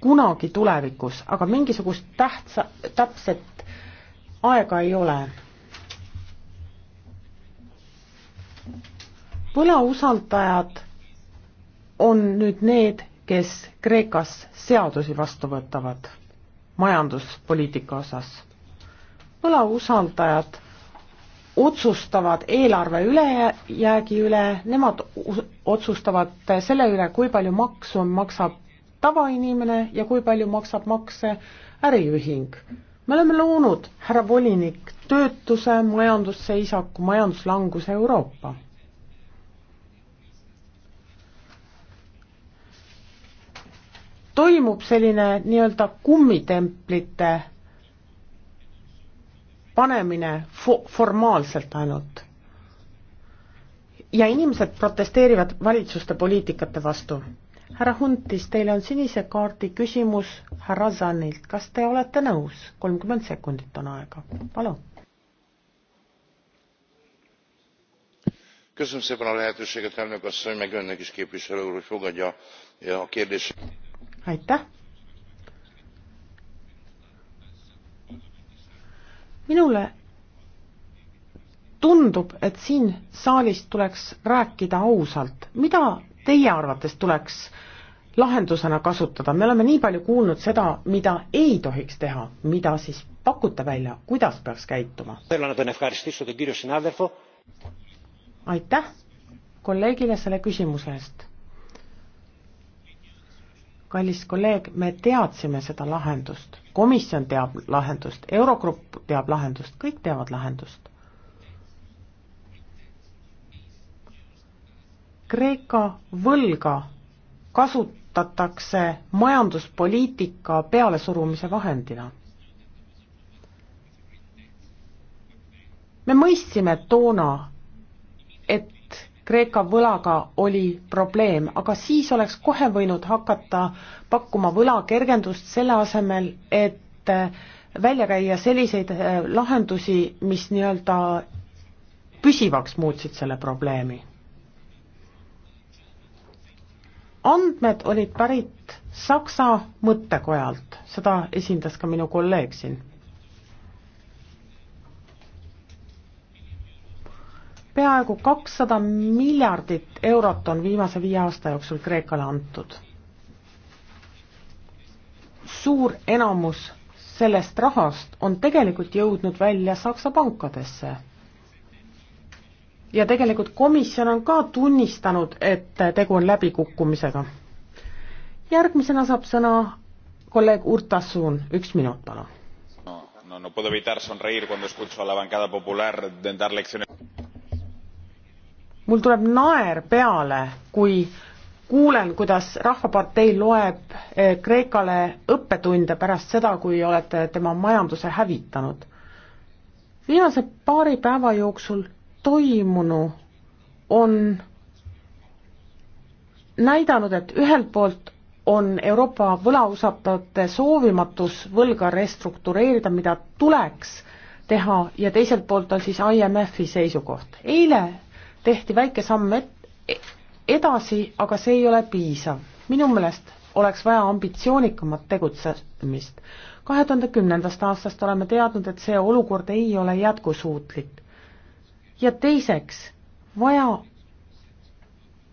kunagi tulevikus, aga mingisugust tähtsa, täpset aega ei ole. võlausaldajad on nüüd need, kes Kreekas seadusi vastu võtavad majanduspoliitika osas. võlausaldajad otsustavad eelarve ülejäägi üle, nemad otsustavad selle üle, kui palju maksu maksab tavainimene ja kui palju maksab makse äriühing. me oleme loonud, härra volinik, töötuse, majandusseisaku, majanduslanguse Euroopa toimub selline nii-öelda kummitemplite panemine fo-, formaalselt ainult. ja inimesed protesteerivad valitsuste poliitikate vastu. härra Huntis, teile on sinise kaardi küsimus härra Zannilt, kas te olete nõus? kolmkümmend sekundit on aega, palun. köszönöm szépen a lehetőséget elnök asszony meg önnek is képviselő úr hogy fogadja eh, a kérdését aitäh! minule tundub, et siin saalis tuleks rääkida ausalt, mida teie arvates tuleks lahendusena kasutada, me oleme nii palju kuulnud seda, mida ei tohiks teha, mida siis pakute välja, kuidas peaks käituma? aitäh kolleegile selle küsimuse eest kallis kolleeg, me teadsime seda lahendust, komisjon teab lahendust, Eurogrupp teab lahendust, kõik teavad lahendust. Kreeka võlga kasutatakse majanduspoliitika pealesurumise vahendina. me mõistsime toona, et Kreeka võlaga oli probleem, aga siis oleks kohe võinud hakata pakkuma võlakergendust selle asemel, et äh, välja käia selliseid äh, lahendusi, mis nii-öelda püsivaks muutsid selle probleemi. andmed olid pärit Saksa mõttekojalt, seda esindas ka minu kolleeg siin peaaegu kakssada miljardit eurot on viimase viie aasta jooksul Kreekale antud. suur enamus sellest rahast on tegelikult jõudnud välja Saksa pankadesse. ja tegelikult komisjon on ka tunnistanud, et tegu on läbikukkumisega. järgmisena saab sõna kolleeg Urtasun, üks minut palun. No, no puedo evitar sonreír cuando escucho a la bancada popular dar lecciones mul tuleb naer peale, kui kuulen, kuidas Rahvapartei loeb eh, Kreekale õppetunde pärast seda, kui olete tema majanduse hävitanud. viimase paari päeva jooksul toimunu on näidanud, et ühelt poolt on Euroopa võlausaldajate soovimatus võlga restruktureerida, mida tuleks teha, ja teiselt poolt on siis IMF-i seisukoht. eile tehti väike samm et-, edasi, aga see ei ole piisav. minu meelest oleks vaja ambitsioonikamat tegutsemist. kahe tuhande kümnendast aastast oleme teadnud, et see olukord ei ole jätkusuutlik. ja teiseks, vaja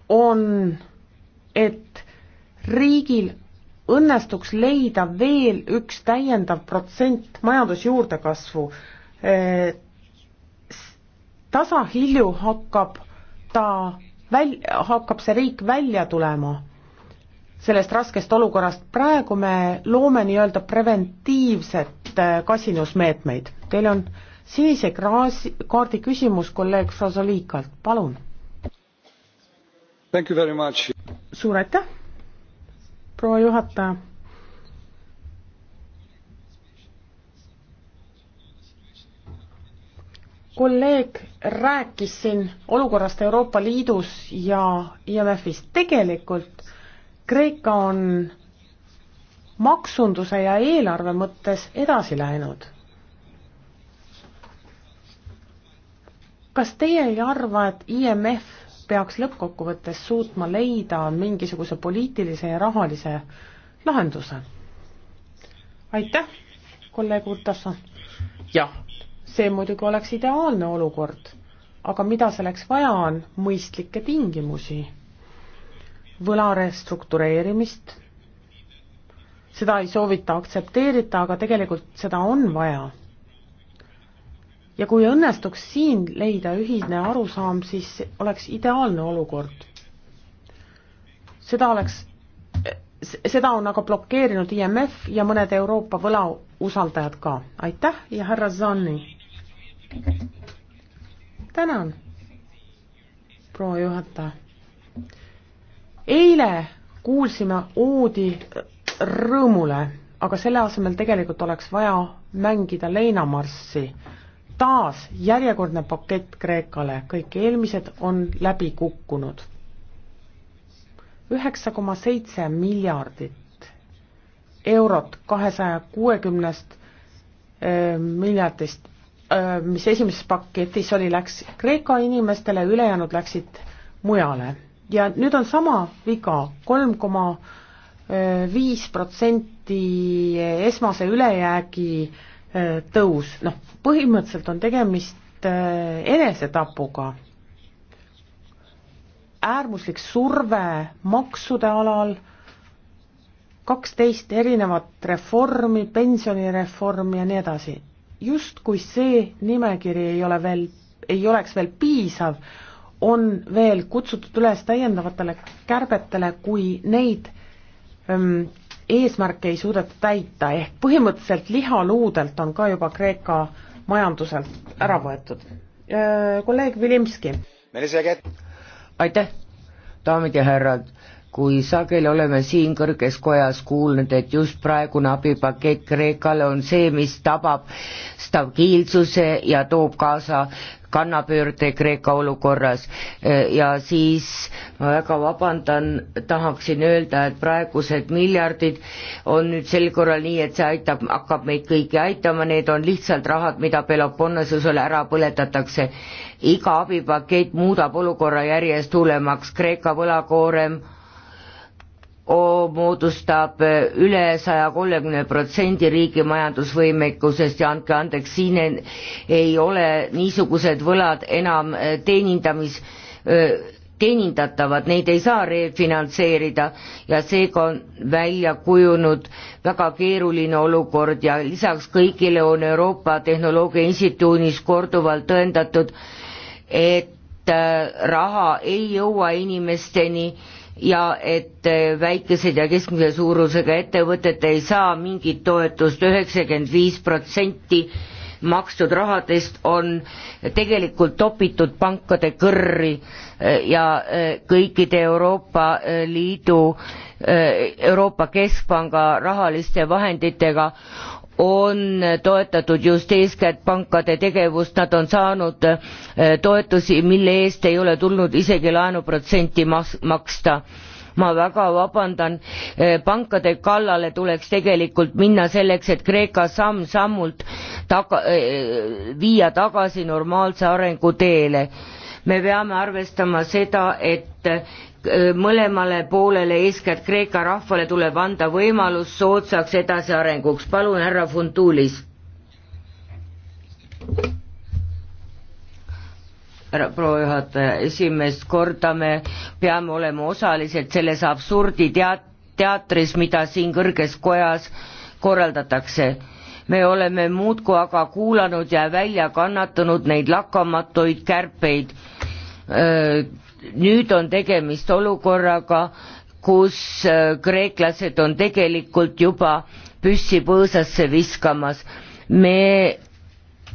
on, et riigil õnnestuks leida veel üks täiendav protsent majandusjuurdekasvu tasahilju hakkab ta väl-, hakkab see riik välja tulema sellest raskest olukorrast, praegu me loome nii-öelda preventiivset äh, kasinusmeetmeid. Teil on sinise kraasi, kaardi küsimus kolleeg Frasoliikalt, palun. suur aitäh, proua juhataja kolleeg rääkis siin olukorrast Euroopa Liidus ja IMF-ist. tegelikult Kreeka on maksunduse ja eelarve mõttes edasi läinud. kas teie ei arva, et IMF peaks lõppkokkuvõttes suutma leida mingisuguse poliitilise ja rahalise lahenduse? aitäh, kolleeg Urtasson. jah see muidugi oleks ideaalne olukord, aga mida selleks vaja on, mõistlikke tingimusi, võla restruktureerimist, seda ei soovita aktsepteerida, aga tegelikult seda on vaja. ja kui õnnestuks siin leida ühine arusaam, siis oleks ideaalne olukord. seda oleks, seda on aga blokeerinud IMF ja mõned Euroopa võlausaldajad ka. aitäh ja härra Zanni! tänan, proua juhataja. eile kuulsime oodi rõõmule, aga selle asemel tegelikult oleks vaja mängida leinamarssi. taas järjekordne pakett Kreekale, kõik eelmised on läbi kukkunud. üheksa koma seitse miljardit eurot kahesaja kuuekümnest eh, miljardist Äh, mis esimeses paketis oli, läks Kreeka inimestele, ülejäänud läksid mujale. ja nüüd on sama viga, kolm koma äh, viis protsenti esmase ülejäägi äh, tõus, noh, põhimõtteliselt on tegemist enesetapuga. äärmuslik surve maksude alal, kaksteist erinevat reformi, pensionireform ja nii edasi justkui see nimekiri ei ole veel, ei oleks veel piisav, on veel kutsutud üles täiendavatele kärbetele, kui neid öm, ähm, eesmärke ei suudeta täita, ehk põhimõtteliselt lihaluudelt on ka juba Kreeka majanduselt ära võetud. Äh, kolleeg Vilimski. aitäh, daamid ja härrad kui sageli oleme siin kõrges kojas kuulnud, et just praegune abipakett Kreekale on see, mis tabab stabiilsuse ja toob kaasa kannapöörde Kreeka olukorras ja siis ma väga vabandan, tahaksin öelda, et praegused miljardid on nüüd sel korral nii, et see aitab, hakkab meid kõiki aitama, need on lihtsalt rahad, mida Peloponnesusele ära põletatakse. iga abipakett muudab olukorra järjest hullemaks, Kreeka võlakoorem moodustab eh, üle saja kolmekümne protsendi riigi majandusvõimekusest ja andke andeks, siin ei ole niisugused võlad enam eh, teenindamis, eh, teenindatavad, neid ei saa refinantseerida ja seega on välja kujunud väga keeruline olukord ja lisaks kõigile on Euroopa Tehnoloogia Instituudis korduvalt tõendatud, et raha ei jõua inimesteni äh, ja et äh, väikesed ja keskmise suurusega ettevõtted ei saa mingit toetust, üheksakümmend viis protsenti makstud rahadest on tegelikult topitud pankade kõrri äh, ja äh, kõikide Euroopa Liidu, Euroopa Keskpanga rahaliste vahenditega on toetatud just eeskätt pankade tegevust, nad on saanud eh, toetusi, mille eest ei ole tulnud isegi laenuprotsenti maksta. ma väga vabandan, eh, pankade kallale tuleks tegelikult minna selleks, et Kreeka samm-sammult taga, eh, viia tagasi normaalse arengu teele me peame arvestama seda, et Äh, mõlemale poolele, eeskätt Kreeka rahvale tuleb anda võimalus soodsaks edasiarenguks, palun härra Funtulis. härra proua juhataja, esimest korda me peame olema osalised selles absurditeat-, teatris, mida siin kõrges kojas korraldatakse me oleme muudkui aga kuulanud ja välja kannatanud neid lakkamatuid kärpeid äh, nüüd on tegemist olukorraga, kus äh, kreeklased on tegelikult juba püssi põõsasse viskamas. me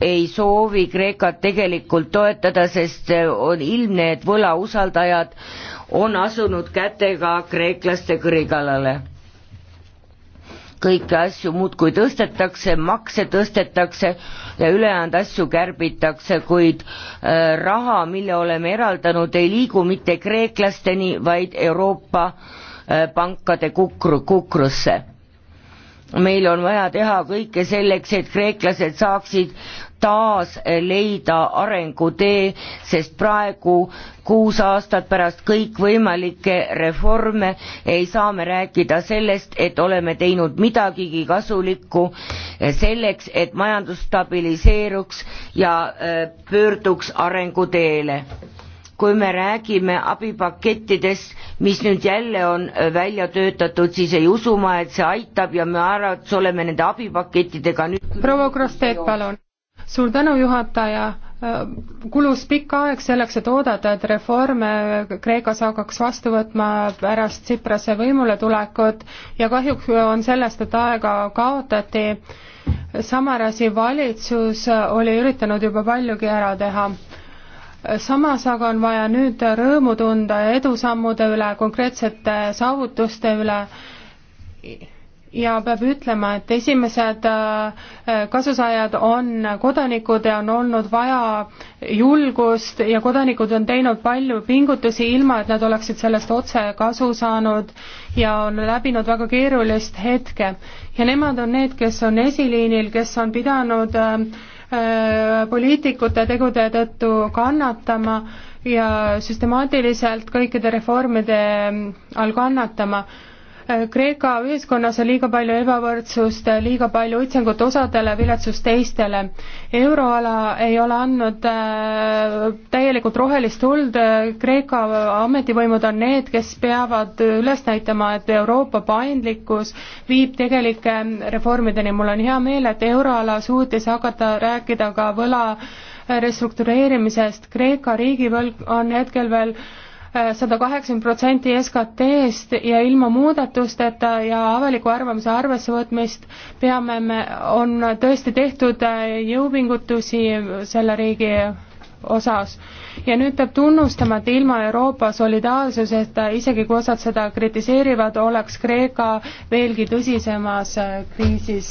ei soovi Kreekat tegelikult toetada, sest äh, on ilmne, et võlausaldajad on asunud kätega kreeklaste kõri kallale. kõiki asju muudkui tõstetakse, makse tõstetakse ja ülejäänud asju kärbitakse, kuid äh, raha, mille oleme eraldanud, ei liigu mitte kreeklasteni, vaid Euroopa äh, pankade kukru, kukrusse meil on vaja teha kõike selleks, et kreeklased saaksid taas leida arengutee, sest praegu, kuus aastat pärast kõikvõimalikke reforme, ei saa me rääkida sellest, et oleme teinud midagigi kasulikku selleks, et majandus stabiliseeruks ja äh, pöörduks arenguteele kui me räägime abipakettidest, mis nüüd jälle on äh, välja töötatud, siis ei usu ma, et see aitab ja me arvame, et oleme nende abipakettidega nüüd proua Krossett, palun suur tänu, juhataja äh, kulus pikk aeg selleks, et oodata, et reforme Kreekas hakkaks vastu võtma pärast Tsiprase võimule tulekut ja kahjuks on sellest, et aega kaotati. Samarasi valitsus oli üritanud juba paljugi ära teha samas aga on vaja nüüd rõõmu tunda edusammude üle, konkreetsete saavutuste üle ja peab ütlema, et esimesed äh, kasusaajad on kodanikud ja on olnud vaja julgust ja kodanikud on teinud palju pingutusi, ilma et nad oleksid sellest otse kasu saanud ja on läbinud väga keerulist hetke. ja nemad on need, kes on esiliinil, kes on pidanud äh, äh, poliitikute tegude tõttu kannatama ja süstemaatiliselt kõikide reformide all kannatama Kreeka ühiskonnas on liiga palju ebavõrdsust, liiga palju otsingut osadele, viletsust teistele. euroala ei ole andnud äh, täielikult rohelist tuld, Kreeka ametivõimud on need, kes peavad üles näitama, et Euroopa paindlikkus viib tegelike reformideni. mul on hea meel, et euroala suutis hakata rääkida ka võla restruktureerimisest, Kreeka riigivõlg on hetkel veel sada kaheksakümmend protsenti SKT-st ja ilma muudatusteta ja avaliku arvamuse arvessevõtmist peame me, on tõesti tehtud äh, jõupingutusi selle riigi osas. ja nüüd peab tunnustama, et ilma Euroopa solidaarsuseta, isegi kui osad seda kritiseerivad, oleks Kreeka veelgi tõsisemas äh, kriisis.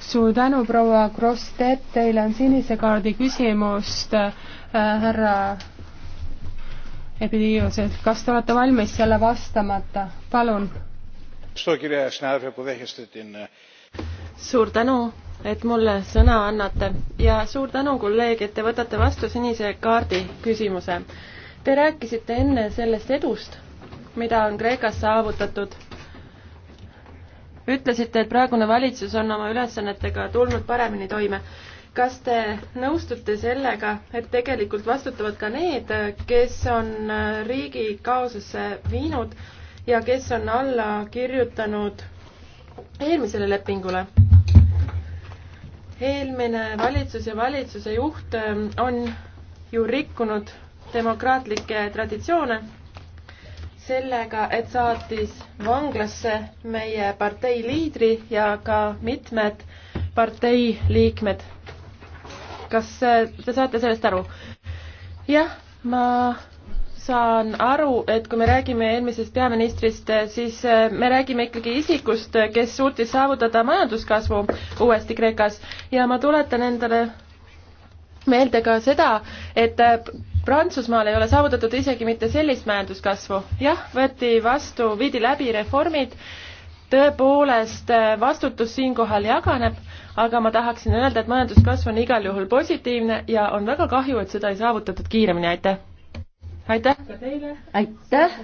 suur tänu, proua Kross-Tett, teil on sinise kaardi küsimust äh,, härra epidemioloogilised, kas te olete valmis selle vastamata, palun? suur tänu, et mulle sõna annate ja suur tänu, kolleeg, et te võtate vastu sinise kaardi küsimuse. Te rääkisite enne sellest edust, mida on Kreekas saavutatud. ütlesite, et praegune valitsus on oma ülesannetega tulnud paremini toime kas te nõustute sellega, et tegelikult vastutavad ka need, kes on äh, riigi kaosesse viinud ja kes on alla kirjutanud eelmisele lepingule? eelmine valitsus ja valitsuse juht ähm, on ju rikkunud demokraatlikke traditsioone sellega, et saatis vanglasse meie partei liidri ja ka mitmed partei liikmed kas äh, te saate sellest aru? jah, ma saan aru, et kui me räägime eelmisest peaministrist, äh, siis äh, me räägime ikkagi isikust, kes suutis saavutada majanduskasvu uuesti Kreekas ja ma tuletan endale meelde ka seda, et Prantsusmaal ei ole saavutatud isegi mitte sellist majanduskasvu. jah, võeti vastu, viidi läbi reformid, tõepoolest vastutus siinkohal jaganeb aga ma tahaksin öelda, et majanduskasv on igal juhul positiivne ja on väga kahju, et seda ei saavutatud kiiremini, aitäh! aitäh ka teile! aitäh!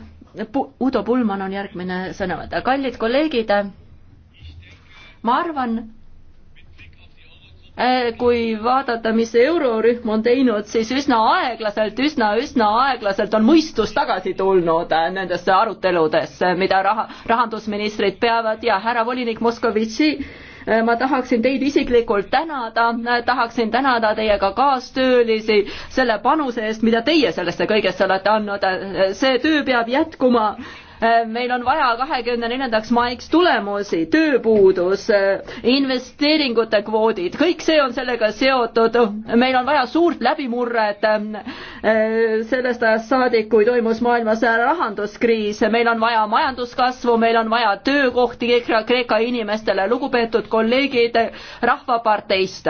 Udo Pulman on järgmine sõnavõtt. kallid kolleegid, ma arvan, eh, kui vaadata, mis eurorühm on teinud, siis üsna aeglaselt üsna,, üsna-üsna aeglaselt on mõistus tagasi tulnud eh, nendesse aruteludesse, mida raha, rahandusministrid peavad ja härra volinik Moskovitši Äh, ma tahaksin teid isiklikult tänada, äh, tahaksin tänada teiega kaastöölisi selle panuse eest, mida teie sellesse kõigesse olete andnud. Äh, see töö peab jätkuma Äh, meil on vaja kahekümne neljandaks maiks tulemusi, tööpuudus, äh, investeeringute kvoodid, kõik see on sellega seotud. meil on vaja suurt läbimurret. Äh, sellest ajast saadik, kui toimus maailmas rahanduskriis, meil on vaja majanduskasvu, meil on vaja töökohti Kreeka, Kreeka inimestele. lugupeetud kolleegid Rahvaparteist,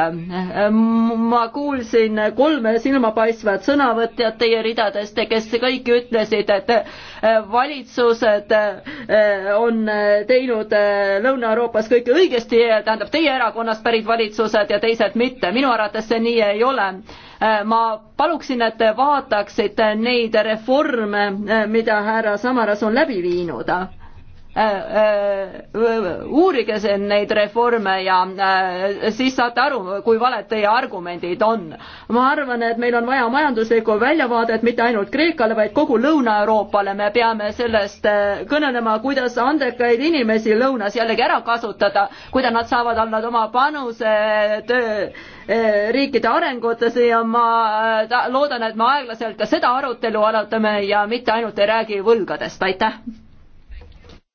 ma kuulsin kolme silmapaistvat sõnavõtjat teie ridadest, kes kõik ütlesid, et valitsus valitsused äh, on äh, teinud äh, Lõuna-Euroopas kõike õigesti, tähendab teie erakonnast pärit valitsused ja teised mitte, minu arvates see nii ei ole. ma paluksin, et te vaataksite neid reforme, mida härra Samaras on läbi viinud Äh, äh, äh, uurige siin neid reforme ja siis saate aru, kui valed teie argumendid on. ma arvan, et meil on vaja majanduslikku väljavaadet mitte ainult Kreekale, vaid kogu Lõuna-Euroopale, me peame sellest kõnelema, kuidas andekaid inimesi lõunas jällegi ära kasutada, kuidas nad saavad anda oma panuse töö riikide arengutesse ja ma loodan, et me aeglaselt ka seda arutelu alatame ja mitte ainult ei räägi võlgadest, aitäh!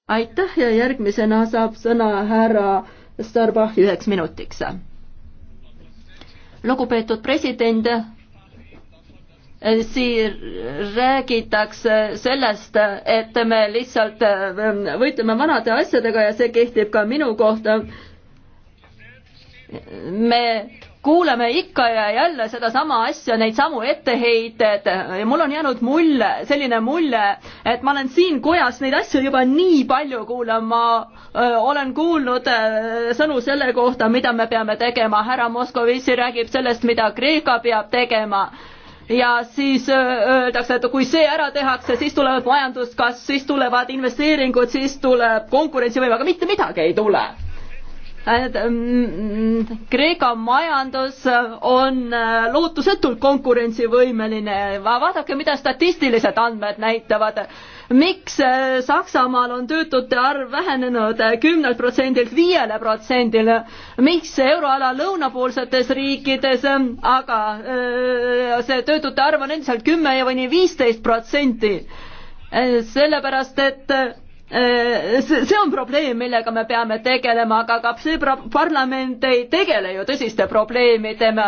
aitäh ja järgmisena saab sõna härra Starbach üheks minutiks. lugupeetud president, siin räägitakse sellest, et me lihtsalt võitleme vanade asjadega ja see kehtib ka minu kohta. me kuuleme ikka ja jälle sedasama asja, neid samu etteheited ja mul on jäänud mulje, selline mulje, et ma olen siin kojas neid asju juba nii palju kuulanud, ma öö, olen kuulnud öö, sõnu selle kohta, mida me peame tegema, härra Moskovitši räägib sellest, mida Kreeka peab tegema ja siis öeldakse, et kui see ära tehakse, siis tuleb majanduskasv, siis tulevad investeeringud, siis tuleb konkurentsivõime, aga mitte midagi ei tule Mm, mm, Kreeka majandus on äh, lootusetult konkurentsivõimeline, vaadake, mida statistilised andmed näitavad. miks äh, Saksamaal on töötute arv vähenenud äh, kümnelt protsendilt viiele protsendile, miks euroala lõunapoolsetes riikides aga see töötute arv on endiselt kümme kuni viisteist protsenti? sellepärast, et Äh, see on probleem, millega me peame tegelema, aga ka see parlament ei tegele ju tõsiste probleemidega.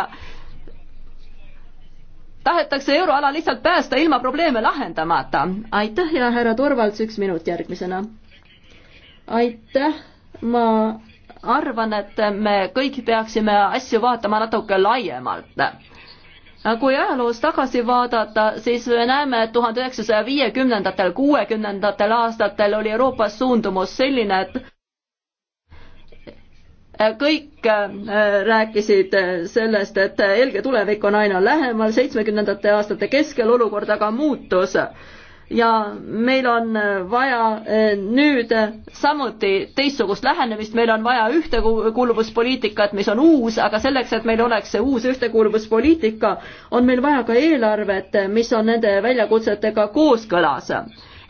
tahetakse euroala lihtsalt päästa ilma probleeme lahendamata. aitäh ja härra Torvalds, üks minut järgmisena. aitäh, ma arvan, et me kõik peaksime asju vaatama natuke laiemalt kui ajaloos tagasi vaadata, siis me näeme, et tuhande üheksasaja viiekümnendatel, kuuekümnendatel aastatel oli Euroopas suundumus selline, et kõik äh, rääkisid äh, sellest, et helge äh, tulevik on aina lähemal, seitsmekümnendate aastate keskel olukord aga muutus ja meil on eh, vaja eh, nüüd eh, samuti teistsugust lähenemist, meil on vaja ühtekuuluvuspoliitikat, mis on uus, aga selleks, et meil oleks see uus ühtekuuluvuspoliitika, on meil vaja ka eelarvet, mis on nende väljakutsetega kooskõlas.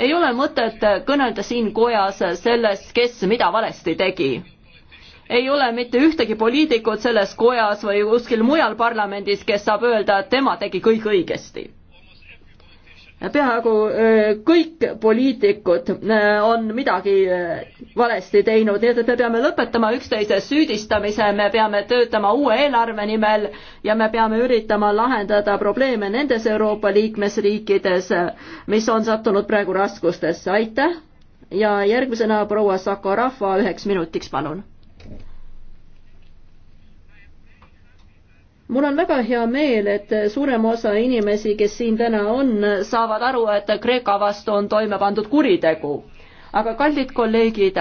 ei ole mõtet kõnelda siin kojas sellest, kes mida valesti tegi ei ole mitte ühtegi poliitikut selles kojas või kuskil mujal parlamendis, kes saab öelda, et tema tegi kõik õigesti peaaegu kõik poliitikud on midagi valesti teinud, nii et, et me peame lõpetama üksteise süüdistamise, me peame töötama uue eelarve nimel ja me peame üritama lahendada probleeme nendes Euroopa liikmesriikides, mis on sattunud praegu raskustesse, aitäh! ja järgmisena proua Sako Rahva üheks minutiks, palun mul on väga hea meel, et suurem osa inimesi, kes siin täna on, saavad aru, et Kreeka vastu on toime pandud kuritegu. aga kallid kolleegid,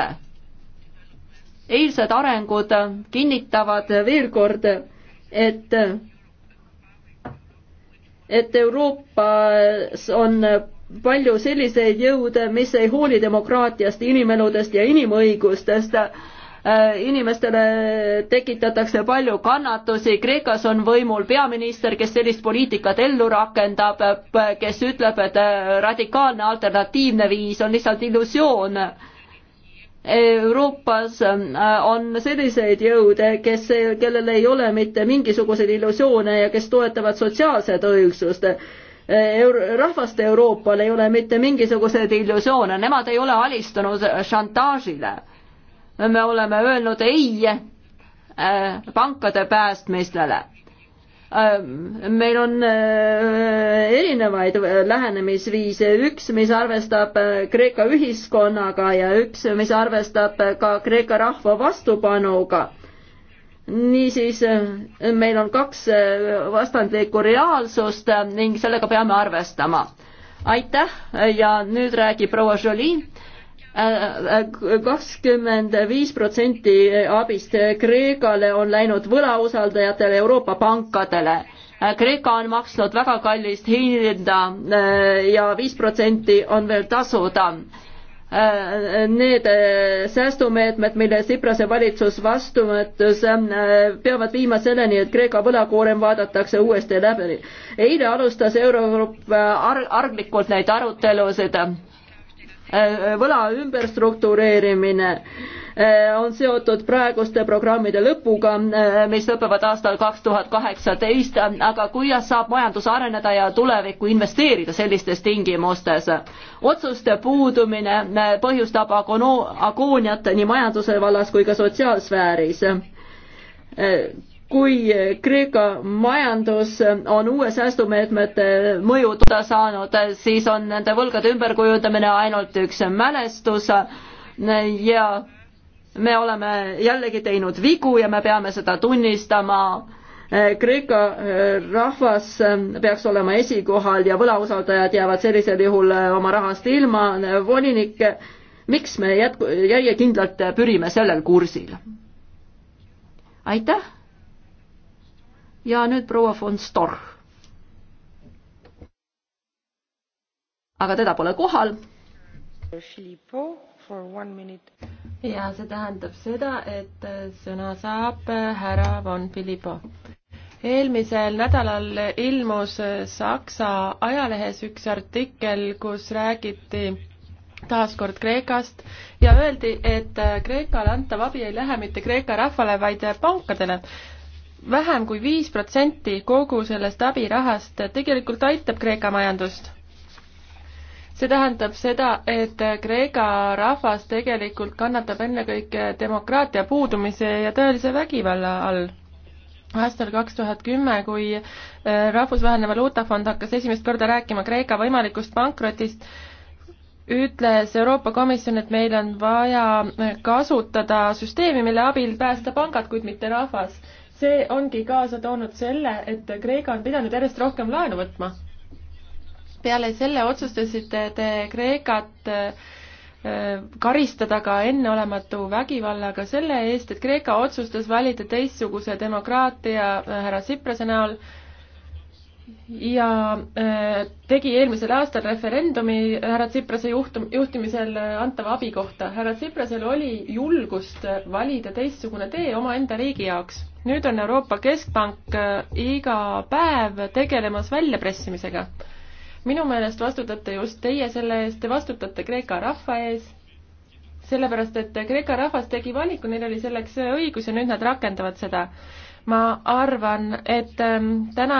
eilsed arengud kinnitavad veel kord, et et Euroopas on palju selliseid jõude, mis ei hooli demokraatiast, inimeludest ja inimõigustest Äh, inimestele tekitatakse palju kannatusi, Kreekas on võimul peaminister, kes sellist poliitikat ellu rakendab, äh, kes ütleb, et äh, radikaalne alternatiivne viis on lihtsalt illusioon. Euroopas on selliseid jõude, kes, kellel ei ole mitte mingisuguseid illusioone ja kes toetavad sotsiaalset õigsust Euro rahvaste Euroopal ei ole mitte mingisuguseid illusioone, nemad ei ole alistunud šantaažile me oleme öelnud ei äh, pankade päästmistele äh, meil on äh, erinevaid lähenemisviise, üks, mis arvestab Kreeka ühiskonnaga ja üks, mis arvestab ka Kreeka rahva vastupanuga. niisiis, meil on kaks vastandlikku reaalsust ning sellega peame arvestama. aitäh ja nüüd räägib proua Jolie kakskümmend viis protsenti abist Kreekale on läinud võlausaldajatele Euroopa pankadele. Kreeka on maksnud väga kallist hinda äh, ja viis protsenti on veel tasuda. Äh, need äh, säästumeetmed, mille Siprase valitsus vastu võttis, peavad viima selleni, et Kreeka võlakoorem vaadatakse uuesti läbi. eile alustas Euroopa arg arglikult neid arutelusid Äh, võla ümberstruktureerimine äh, on seotud praeguste programmide lõpuga, äh, mis lõpevad aastal kaks tuhat kaheksateist, aga kuidas saab majandus areneda ja tulevikku investeerida sellistes tingimustes? otsuste puudumine põhjustab agooniat nii majanduse vallas kui ka sotsiaalsfääris kui Kreeka majandus on uue säästumeetmete mõju tuda saanud, siis on nende võlgade ümberkujundamine ainult üks mälestus ja me oleme jällegi teinud vigu ja me peame seda tunnistama. Kreeka rahvas peaks olema esikohal ja võlausaldajad jäävad sellisel juhul oma rahast ilma. volinik, miks me jätku-, järjekindlalt pürime sellel kursil? aitäh ja nüüd proua von Storch. aga teda pole kohal. ja see tähendab seda, et sõna saab härra von Filippo. eelmisel nädalal ilmus Saksa ajalehes üks artikkel, kus räägiti taas kord Kreekast ja öeldi, et Kreekale antav abi ei lähe mitte Kreeka rahvale, vaid pankadele vähem kui viis protsenti kogu sellest abirahast tegelikult aitab Kreeka majandust. see tähendab seda, et Kreeka rahvas tegelikult kannatab ennekõike demokraatia puudumise ja tõelise vägivalla all aastal kaks tuhat kümme, kui äh, Rahvusvaheline Valuutafond hakkas esimest korda rääkima Kreeka võimalikust pankrotist, ütles Euroopa Komisjon, et meil on vaja kasutada süsteemi, mille abil päästa pangad, kuid mitte rahvas see ongi kaasa toonud selle, et Kreeka on pidanud järjest rohkem laenu võtma. peale selle otsustasite te Kreekat äh, karistada ka enneolematu vägivallaga selle eest, et Kreeka otsustas valida teistsuguse demokraatia äh, härra Siprase näol ja äh, tegi eelmisel aastal referendumi härra Tsiprase juhtum, juhtimisel äh, antava abi kohta. härra Tsiprasel oli julgust äh, valida teistsugune tee omaenda riigi jaoks. nüüd on Euroopa Keskpank iga päev tegelemas väljapressimisega. minu meelest vastutate just teie selle eest, te vastutate Kreeka rahva ees, sellepärast et Kreeka rahvas tegi valiku, neil oli selleks õigus ja nüüd nad rakendavad seda ma arvan, et ähm, täna,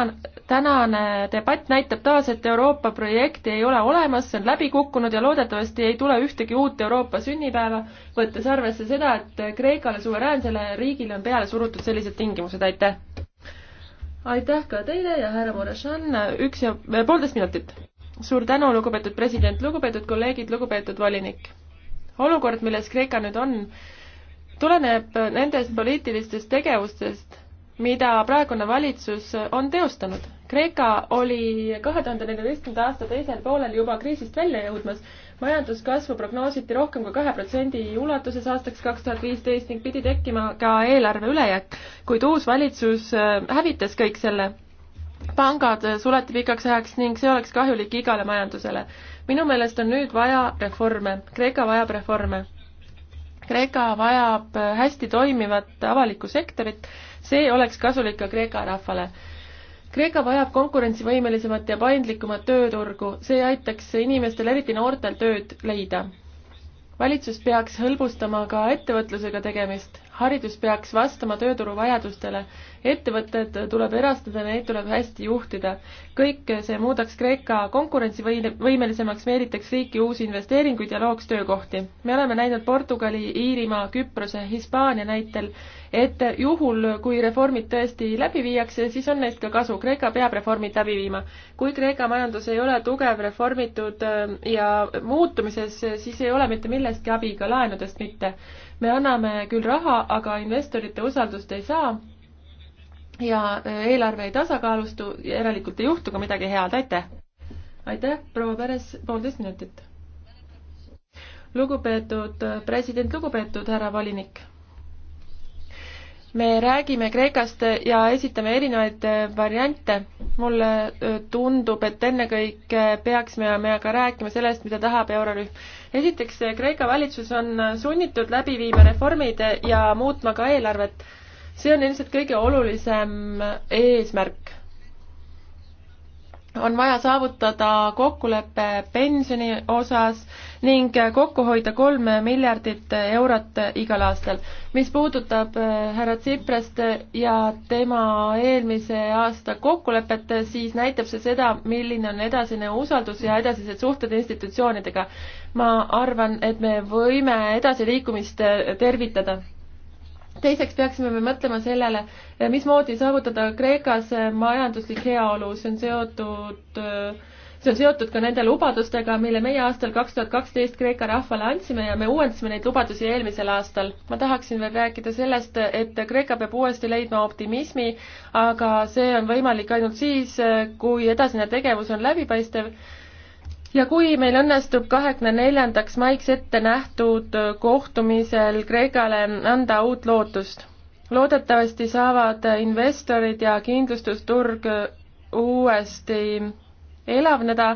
tänane debatt näitab taas, et Euroopa projekti ei ole olemas, see on läbi kukkunud ja loodetavasti ei tule ühtegi uut Euroopa sünnipäeva, võttes arvesse seda, et Kreekale suveräänsele riigile on peale surutud sellised tingimused, aitäh! aitäh ka teile ja härra Murešan, üks ja poolteist minutit. suur tänu, lugupeetud president, lugupeetud kolleegid, lugupeetud volinik. olukord, milles Kreeka nüüd on, tuleneb nendest poliitilistest tegevustest, mida praegune valitsus on teostanud. Kreeka oli kahe tuhande neljateistkümnenda aasta teisel poolel juba kriisist välja jõudmas. majanduskasvu prognoositi rohkem kui kahe protsendi ulatuses aastaks kaks tuhat viisteist ning pidi tekkima ka eelarve ülejääk, kuid uus valitsus äh, hävitas kõik selle pangad äh, suleti pikaks ajaks ning see oleks kahjulik igale majandusele. minu meelest on nüüd vaja reforme, Kreeka vajab reforme. Kreeka vajab äh, hästi toimivat avalikku sektorit see oleks kasulik ka Kreeka rahvale. Kreeka vajab konkurentsivõimelisemat ja paindlikumat tööturgu, see aitaks inimestel, eriti noortel, tööd leida. valitsus peaks hõlbustama ka ettevõtlusega tegemist, haridus peaks vastama tööturu vajadustele. ettevõtted tuleb erastada, neid tuleb hästi juhtida. kõik see muudaks Kreeka konkurentsivõimelisemaks, meelitaks riiki uusi investeeringuid ja looks töökohti. me oleme näinud Portugali, Iirimaa, Küprose, Hispaania näitel, et juhul, kui reformid tõesti läbi viiakse, siis on neist ka kasu. Kreeka peab reformid läbi viima. kui Kreeka majandus ei ole tugev, reformitud äh, ja muutumises, siis ei ole mitte millestki abi, ka laenudest mitte me anname küll raha, aga investorite usaldust ei saa ja eelarve ei tasakaalustu, järelikult ei juhtu ka midagi head, aitäh! aitäh, proua Peres, poolteist minutit. lugupeetud president, lugupeetud härra volinik me räägime Kreekast ja esitame erinevaid äh, variante. mulle äh, tundub, et ennekõike peaksime me aga rääkima sellest, mida tahab eurorühm. esiteks, äh, Kreeka valitsus on sunnitud läbi viima reformid ja muutma ka eelarvet. see on ilmselt kõige olulisem eesmärk. on vaja saavutada kokkulepe pensioni osas ning kokku hoida kolm miljardit eurot igal aastal. mis puudutab eh, härra Tsiprast ja tema eelmise aasta kokkulepet, siis näitab see seda, milline on edasine usaldus ja edasised suhted institutsioonidega. ma arvan, et me võime edasiliikumist eh, tervitada teiseks peaksime me mõtlema sellele, mismoodi saavutada Kreekas majanduslik heaolu, see on seotud äh, see on seotud ka nende lubadustega, mille meie aastal kaks tuhat kaksteist Kreeka rahvale andsime ja me uuendasime neid lubadusi eelmisel aastal. ma tahaksin veel rääkida sellest, et Kreeka peab uuesti leidma optimismi, aga see on võimalik ainult siis, kui edasine tegevus on läbipaistev ja kui meil õnnestub kahekümne neljandaks maiks ette nähtud kohtumisel Kreekale anda uut lootust, loodetavasti saavad investorid ja kindlustusturg uuesti elavneda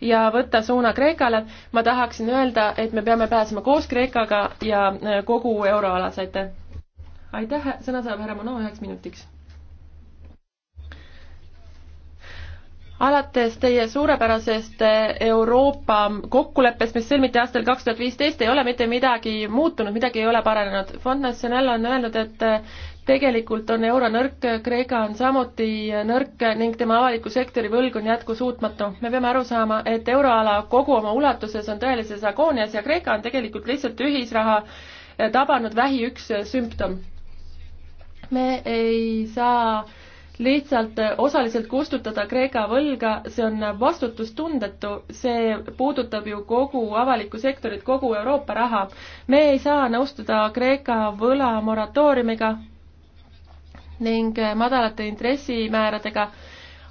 ja võtta suuna Kreekale, ma tahaksin öelda, et me peame pääsema koos Kreekaga ja äh, kogu euroalas, aitäh! aitäh, sõna saab härra Mono üheks minutiks alates teie suurepärasest äh, Euroopa kokkuleppest, mis sõlmiti aastal kaks tuhat viisteist, ei ole mitte midagi muutunud, midagi ei ole paranenud. Fond National on öelnud, et äh, tegelikult on euro nõrk, Kreeka on samuti nõrk ning tema avaliku sektori võlg on jätkusuutmatu. me peame aru saama, et euroala kogu oma ulatuses on tõelises agoonias ja Kreeka on tegelikult lihtsalt ühisraha tabanud vähi üks sümptom. me ei saa lihtsalt osaliselt kustutada Kreeka võlga, see on vastutustundetu, see puudutab ju kogu avalikku sektorit, kogu Euroopa raha. me ei saa nõustuda Kreeka võla moratooriumiga, ning äh, madalate intressimääradega,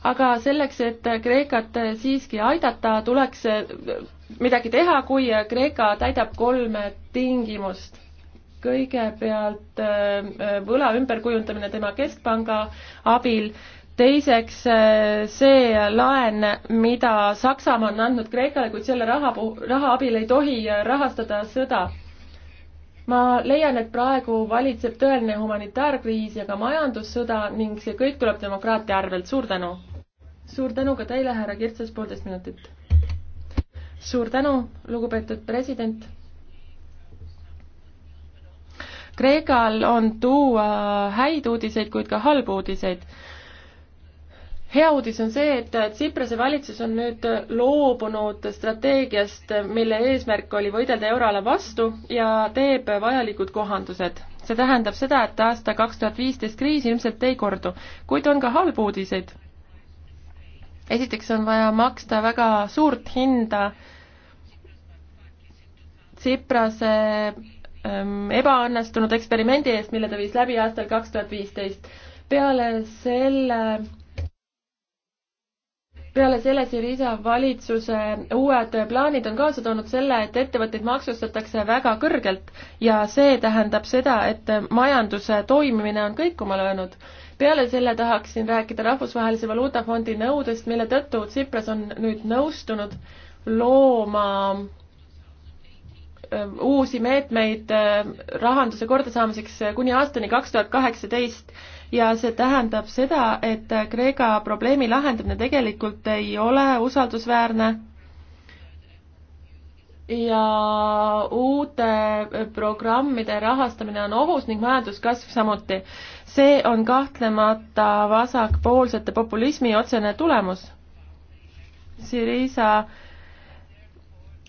aga selleks, et Kreekat siiski aidata, tuleks äh, midagi teha, kui Kreeka täidab kolme tingimust. kõigepealt äh, võla ümberkujundamine tema keskpanga abil, teiseks see laen, mida Saksamaa on andnud Kreekale, kuid selle raha, raha abil ei tohi rahastada sõda ma leian, et praegu valitseb tõeline humanitaarkriis ja ka majandussõda ning see kõik tuleb demokraatia arvelt. suur tänu! suur tänu ka teile, härra Kirtses, poolteist minutit. suur tänu, lugupeetud president. Kreekal on tuua häid uudiseid, kuid ka halbu uudiseid hea uudis on see, et Tsiprase valitsus on nüüd loobunud strateegiast, mille eesmärk oli võidelda euroala vastu ja teeb vajalikud kohandused. see tähendab seda, et aasta kaks tuhat viisteist kriis ilmselt ei kordu, kuid on ka halbu uudiseid. esiteks on vaja maksta väga suurt hinda Tsiprase ähm, ebaõnnestunud eksperimendi eest, mille ta viis läbi aastal kaks tuhat viisteist. peale selle peale selle Syriza valitsuse uued plaanid on kaasa toonud selle, et ettevõtteid maksustatakse väga kõrgelt ja see tähendab seda, et majanduse toimimine on kõikuma löönud. peale selle tahaksin rääkida Rahvusvahelise Valuutafondi nõudest, mille tõttu Tsipras on nüüd nõustunud looma uusi meetmeid rahanduse kordasaamiseks kuni aastani kaks tuhat kaheksateist ja see tähendab seda, et Kreeka probleemi lahendamine tegelikult ei ole usaldusväärne ja uute programmide rahastamine on ohus ning majanduskasv samuti. see on kahtlemata vasakpoolsete populismi otsene tulemus. Syriza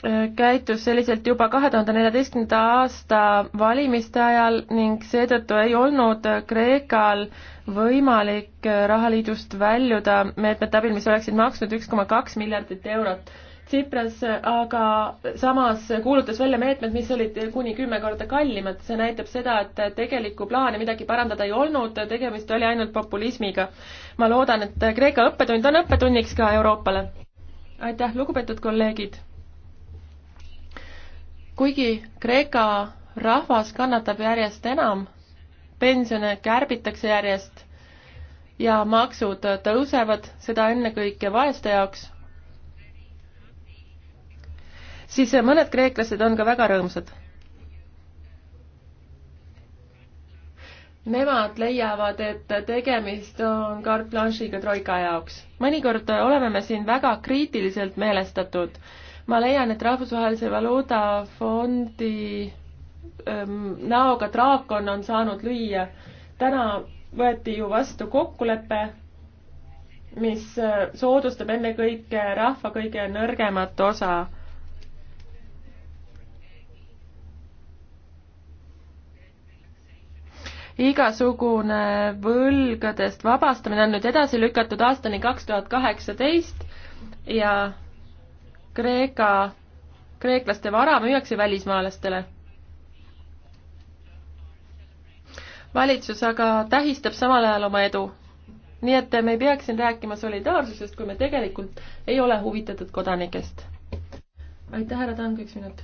Äh, käitus selliselt juba kahe tuhande neljateistkümnenda aasta valimiste ajal ning seetõttu ei olnud Kreekal võimalik äh, rahaliidust väljuda meetmete abil, mis oleksid maksnud üks koma kaks miljardit eurot. Tsipras aga samas kuulutas välja meetmed, mis olid kuni kümme korda kallimad, see näitab seda, et tegelikku plaani midagi parandada ei olnud, tegemist oli ainult populismiga. ma loodan, et Kreeka õppetund on õppetunniks ka Euroopale. aitäh, lugupeetud kolleegid! kuigi Kreeka rahvas kannatab järjest enam, pensione kärbitakse järjest ja maksud tõusevad, seda ennekõike vaeste jaoks, siis mõned kreeklased on ka väga rõõmsad. Nemad leiavad, et tegemist on carte blanche'iga troika jaoks. mõnikord oleme me siin väga kriitiliselt meelestatud ma leian, et Rahvusvahelise Valuutafondi ähm, näoga draakon on saanud lüüa. täna võeti ju vastu kokkulepe, mis äh, soodustab ennekõike rahva kõige nõrgemat osa. igasugune võlgadest vabastamine on nüüd edasi lükatud aastani kaks tuhat kaheksateist ja Kreeka, kreeklaste vara müüakse välismaalastele. valitsus aga tähistab samal ajal oma edu. nii et me ei peaks siin rääkima solidaarsusest, kui me tegelikult ei ole huvitatud kodanikest. aitäh, härra Tang, üks minut.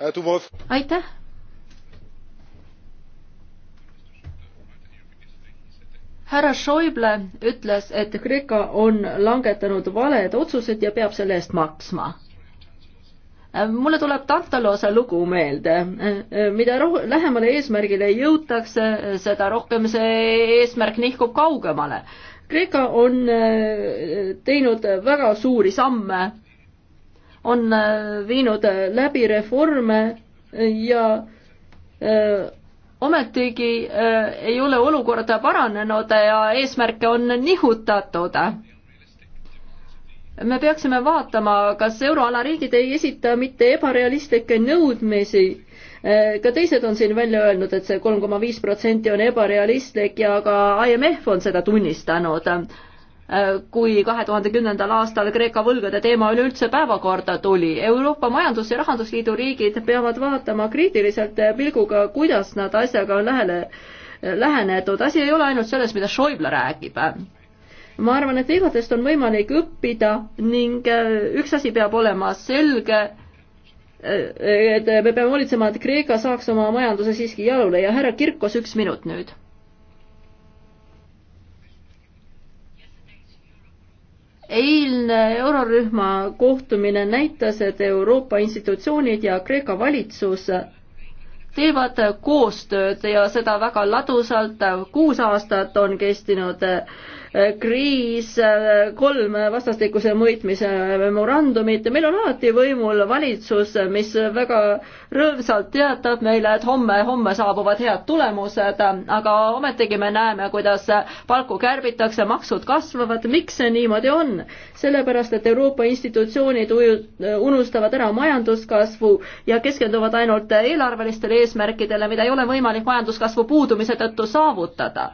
Eh, aitäh härra Schäuble ütles, et Kreeka on langetanud valed otsused ja peab selle eest maksma mulle tuleb Tantalose lugu meelde, mida roh-, lähemale eesmärgile jõutakse, seda rohkem see eesmärk nihkub kaugemale. Kreeka on eh, teinud väga suuri samme, on eh, viinud läbi reforme ja eh, ometigi äh, ei ole olukorda paranenud ja eesmärke on nihutatud. me peaksime vaatama, kas euroala riigid ei esita mitte ebarealistlikke nõudmisi. Äh, ka teised on siin välja öelnud, et see kolm koma viis protsenti on ebarealistlik ja ka IMF on seda tunnistanud Äh, kui kahe tuhande kümnendal aastal Kreeka võlgade teema üleüldse päevakorda tuli. Euroopa Majandus- ja Rahandusliidu riigid peavad vaatama kriitiliselt pilguga, kuidas nad asjaga on lähele, lähenetud. asi ei ole ainult selles, mida Schäuble räägib ma arvan, et vigadest on võimalik õppida ning äh, üks asi peab olema selge, äh, et me peame hoolitsema, et Kreeka saaks oma majanduse siiski jalule ja härra Kirkos, üks minut nüüd eilne eurorühma kohtumine näitas, et Euroopa institutsioonid ja Kreeka valitsus teevad koostööd ja seda väga ladusalt. kuus aastat on kestinud kriis, kolm vastastikuse mõõtmise memorandumit ja meil on alati võimul valitsus, mis väga rõõmsalt teatab meile, et homme, homme saabuvad head tulemused, aga ometigi me näeme, kuidas palku kärbitakse, maksud kasvavad, miks see niimoodi on? sellepärast, et Euroopa institutsioonid unustavad ära majanduskasvu ja keskenduvad ainult eelarvelistele eesmärkidele, mida ei ole võimalik majanduskasvu puudumise tõttu saavutada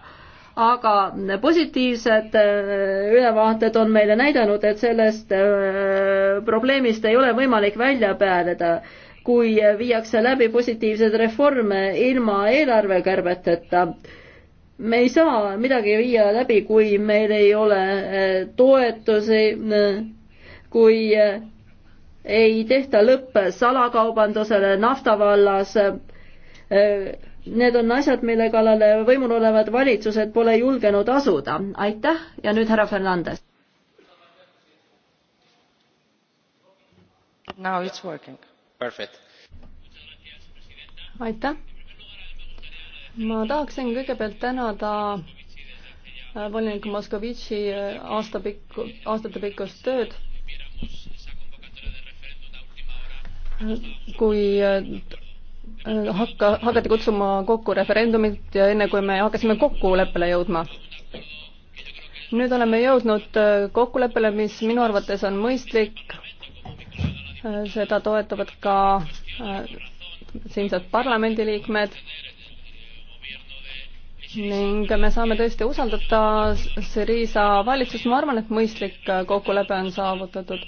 aga positiivsed äh, ülevaated on meile näidanud, et sellest äh, probleemist ei ole võimalik välja pääseda, kui viiakse läbi positiivseid reforme ilma eelarvekärbeteta me ei saa midagi viia läbi, kui meil ei ole äh, toetusi, kui ei tehta lõpp salakaubandusele nafta vallas, Need on asjad, mille kallale võimul olevad valitsused pole julgenud asuda. aitäh ja nüüd härra Fernandes. Now it's working. Perfect. aitäh. ma tahaksin kõigepealt tänada äh, volinik Moskovitši äh, aastapikku, aastatepikkust tööd kui äh, hakka, hakati kutsuma kokku referendumilt ja enne kui me hakkasime kokkuleppele jõudma. nüüd oleme jõudnud äh, kokkuleppele, mis minu arvates on mõistlik. Äh, seda toetavad ka äh, siinsed parlamendiliikmed ning me saame tõesti usaldada Syriza valitsust, ma arvan, et mõistlik kokkulepe on saavutatud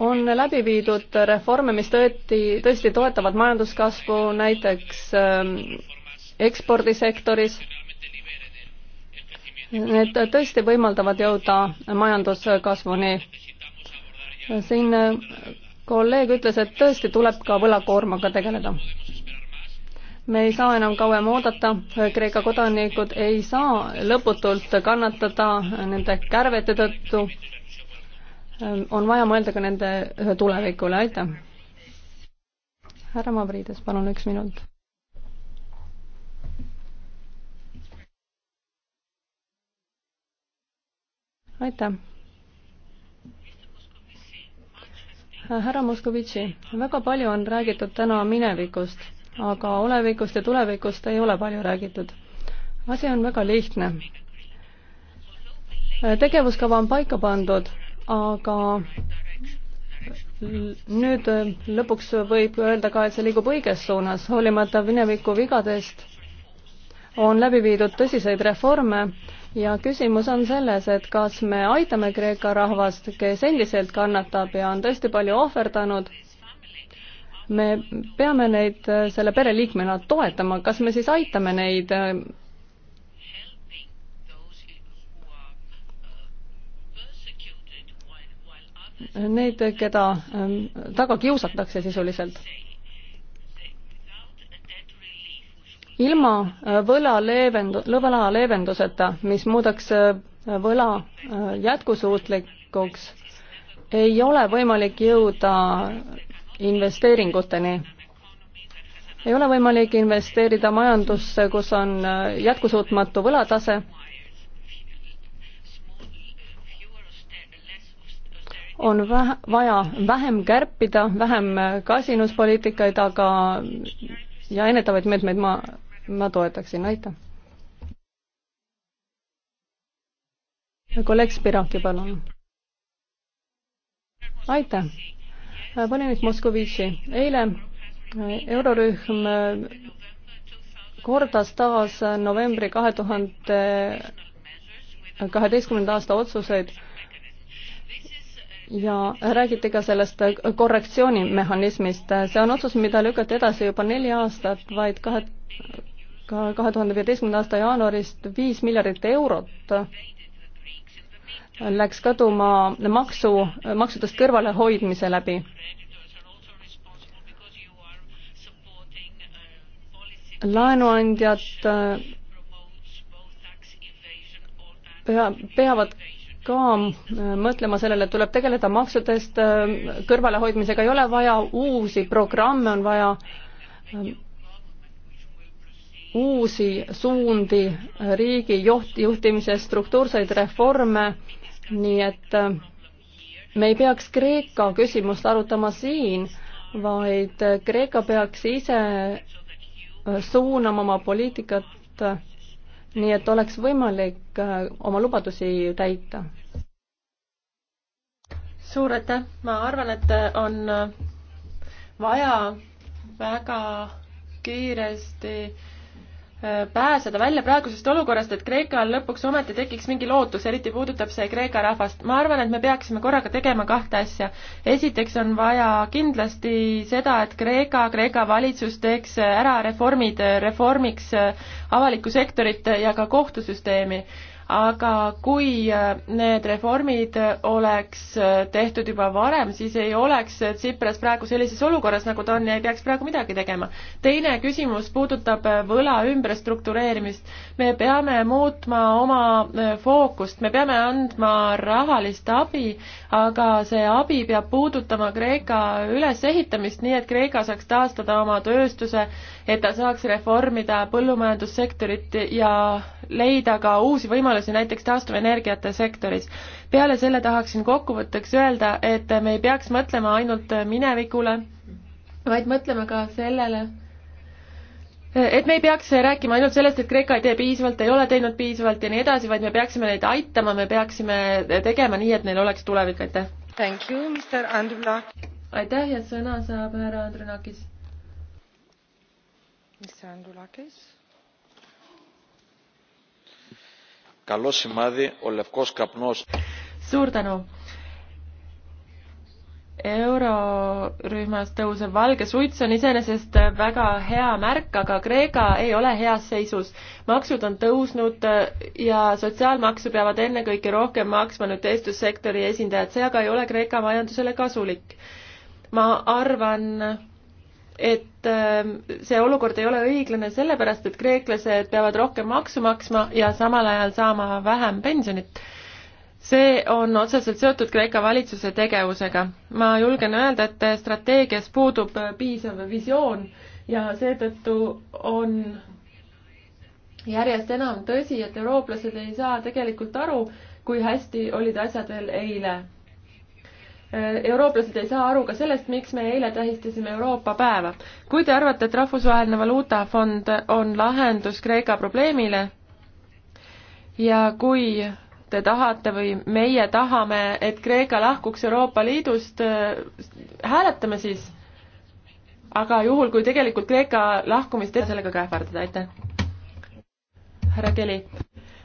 on läbi viidud reforme, mis tõeti, tõesti toetavad majanduskasvu näiteks ähm, ekspordisektoris. Need tõesti võimaldavad jõuda majanduskasvuni. siin äh, kolleeg ütles, et tõesti tuleb ka võlakoormaga tegeleda. me ei saa enam kauem oodata, Kreeka kodanikud ei saa lõputult kannatada nende kärvete tõttu on vaja mõelda ka nende tulevikule, aitäh. härra Mavrides, palun üks minut. aitäh. härra Moskovitši, väga palju on räägitud täna minevikust, aga olevikust ja tulevikust ei ole palju räägitud. asi on väga lihtne. tegevuskava on paika pandud aga nüüd lõpuks võib öelda ka, et see liigub õiges suunas, hoolimata mineviku vigadest on läbi viidud tõsiseid reforme ja küsimus on selles, et kas me aitame Kreeka rahvast, kes endiselt kannatab ja on tõesti palju ohverdanud, me peame neid selle pereliikmena toetama, kas me siis aitame neid neid, keda ähm, taga kiusatakse sisuliselt. ilma äh, võla leevendu-, võla leevenduseta, mis muudaks äh, võla äh, jätkusuutlikuks, ei ole võimalik jõuda investeeringuteni. ei ole võimalik investeerida majandusse, kus on jätkusuutmatu võlatase on vähe, vaja vähem kärpida, vähem kasinuspoliitikaid, aga ja ennetavaid meetmeid ma, ma toetaksin, aitäh. kolleeg Spiraki, palun. aitäh. volinik Moskovitši, eile eurorühm kordas taas novembri kahe tuhande kaheteistkümnenda aasta otsuseid ja räägiti ka sellest korrektsioonimehhanismist. see on otsus, mida lükati edasi juba neli aastat, vaid kahe, ka kahe tuhande viieteistkümnenda aasta jaanuarist viis miljardit eurot läks kaduma maksu, maksudest kõrvalehoidmise läbi. laenuandjad äh, pea, peavad ka äh, mõtlema sellele, et tuleb tegeleda maksudest äh, kõrvalehoidmisega, ei ole vaja uusi programme, on vaja äh, uusi suundi riigi juht, juhtimises, struktuurseid reforme, nii et me ei peaks Kreeka küsimust arutama siin, vaid Kreeka peaks ise suunama oma poliitikat nii et oleks võimalik oma lubadusi täita suur aitäh, ma arvan, et on vaja väga kiiresti äh, pääseda välja praegusest olukorrast, et Kreekal lõpuks ometi tekiks mingi lootus, eriti puudutab see Kreeka rahvast. ma arvan, et me peaksime korraga tegema kahte asja. esiteks on vaja kindlasti seda, et Kreeka, Kreeka valitsus teeks ära reformid, reformiks äh, avalikku sektorit ja ka kohtusüsteemi aga kui äh, need reformid äh, oleks äh, tehtud juba varem, siis ei oleks Tsipras praegu sellises olukorras, nagu ta on ja ei peaks praegu midagi tegema. teine küsimus puudutab võla ümberstruktureerimist. me peame muutma oma fookust, me peame andma rahalist abi, aga see abi peab puudutama Kreeka ülesehitamist, nii et Kreeka saaks taastada oma tööstuse, et ta saaks reformida põllumajandussektorit ja leida ka uusi võimalusi, võimalusi näiteks taastuvenergiate sektoris. peale selle tahaksin kokkuvõtteks öelda, et me ei peaks mõtlema ainult minevikule, vaid mõtleme ka sellele, et me ei peaks rääkima ainult sellest, et Kreeka ei tee piisavalt, ei ole teinud piisavalt ja nii edasi, vaid me peaksime neid aitama, me peaksime tegema nii, et neil oleks tulevik, aitäh. aitäh ja sõna saab härra Andrulakis. mis see Andrulakis? καλό σημάδι ο λευκός καπνός. Suur tänu! eurorühmas tõusev valge suits on iseenesest väga hea märk, aga Kreeka ei ole heas seisus. maksud on tõusnud ja sotsiaalmaksu peavad ennekõike rohkem maksma nüüd tööstussektori esindajad, see aga ei ole Kreeka majandusele kasulik. ma arvan, et äh, see olukord ei ole õiglane sellepärast, et kreeklased peavad rohkem maksu maksma ja samal ajal saama vähem pensionit. see on otseselt seotud Kreeka valitsuse tegevusega. ma julgen öelda, et strateegias puudub piisav visioon ja seetõttu on järjest enam tõsi, et eurooplased ei saa tegelikult aru, kui hästi olid asjad veel eile eurooplased ei saa aru ka sellest, miks me eile tähistasime Euroopa päeva. kui te arvate, et Rahvusvaheline Valuutafond on lahendus Kreeka probleemile ja kui te tahate või meie tahame, et Kreeka lahkuks Euroopa Liidust, äh, hääletame siis. aga juhul, kui tegelikult Kreeka lahkumist ei saa sellega ka ähvardada, aitäh. härra Keli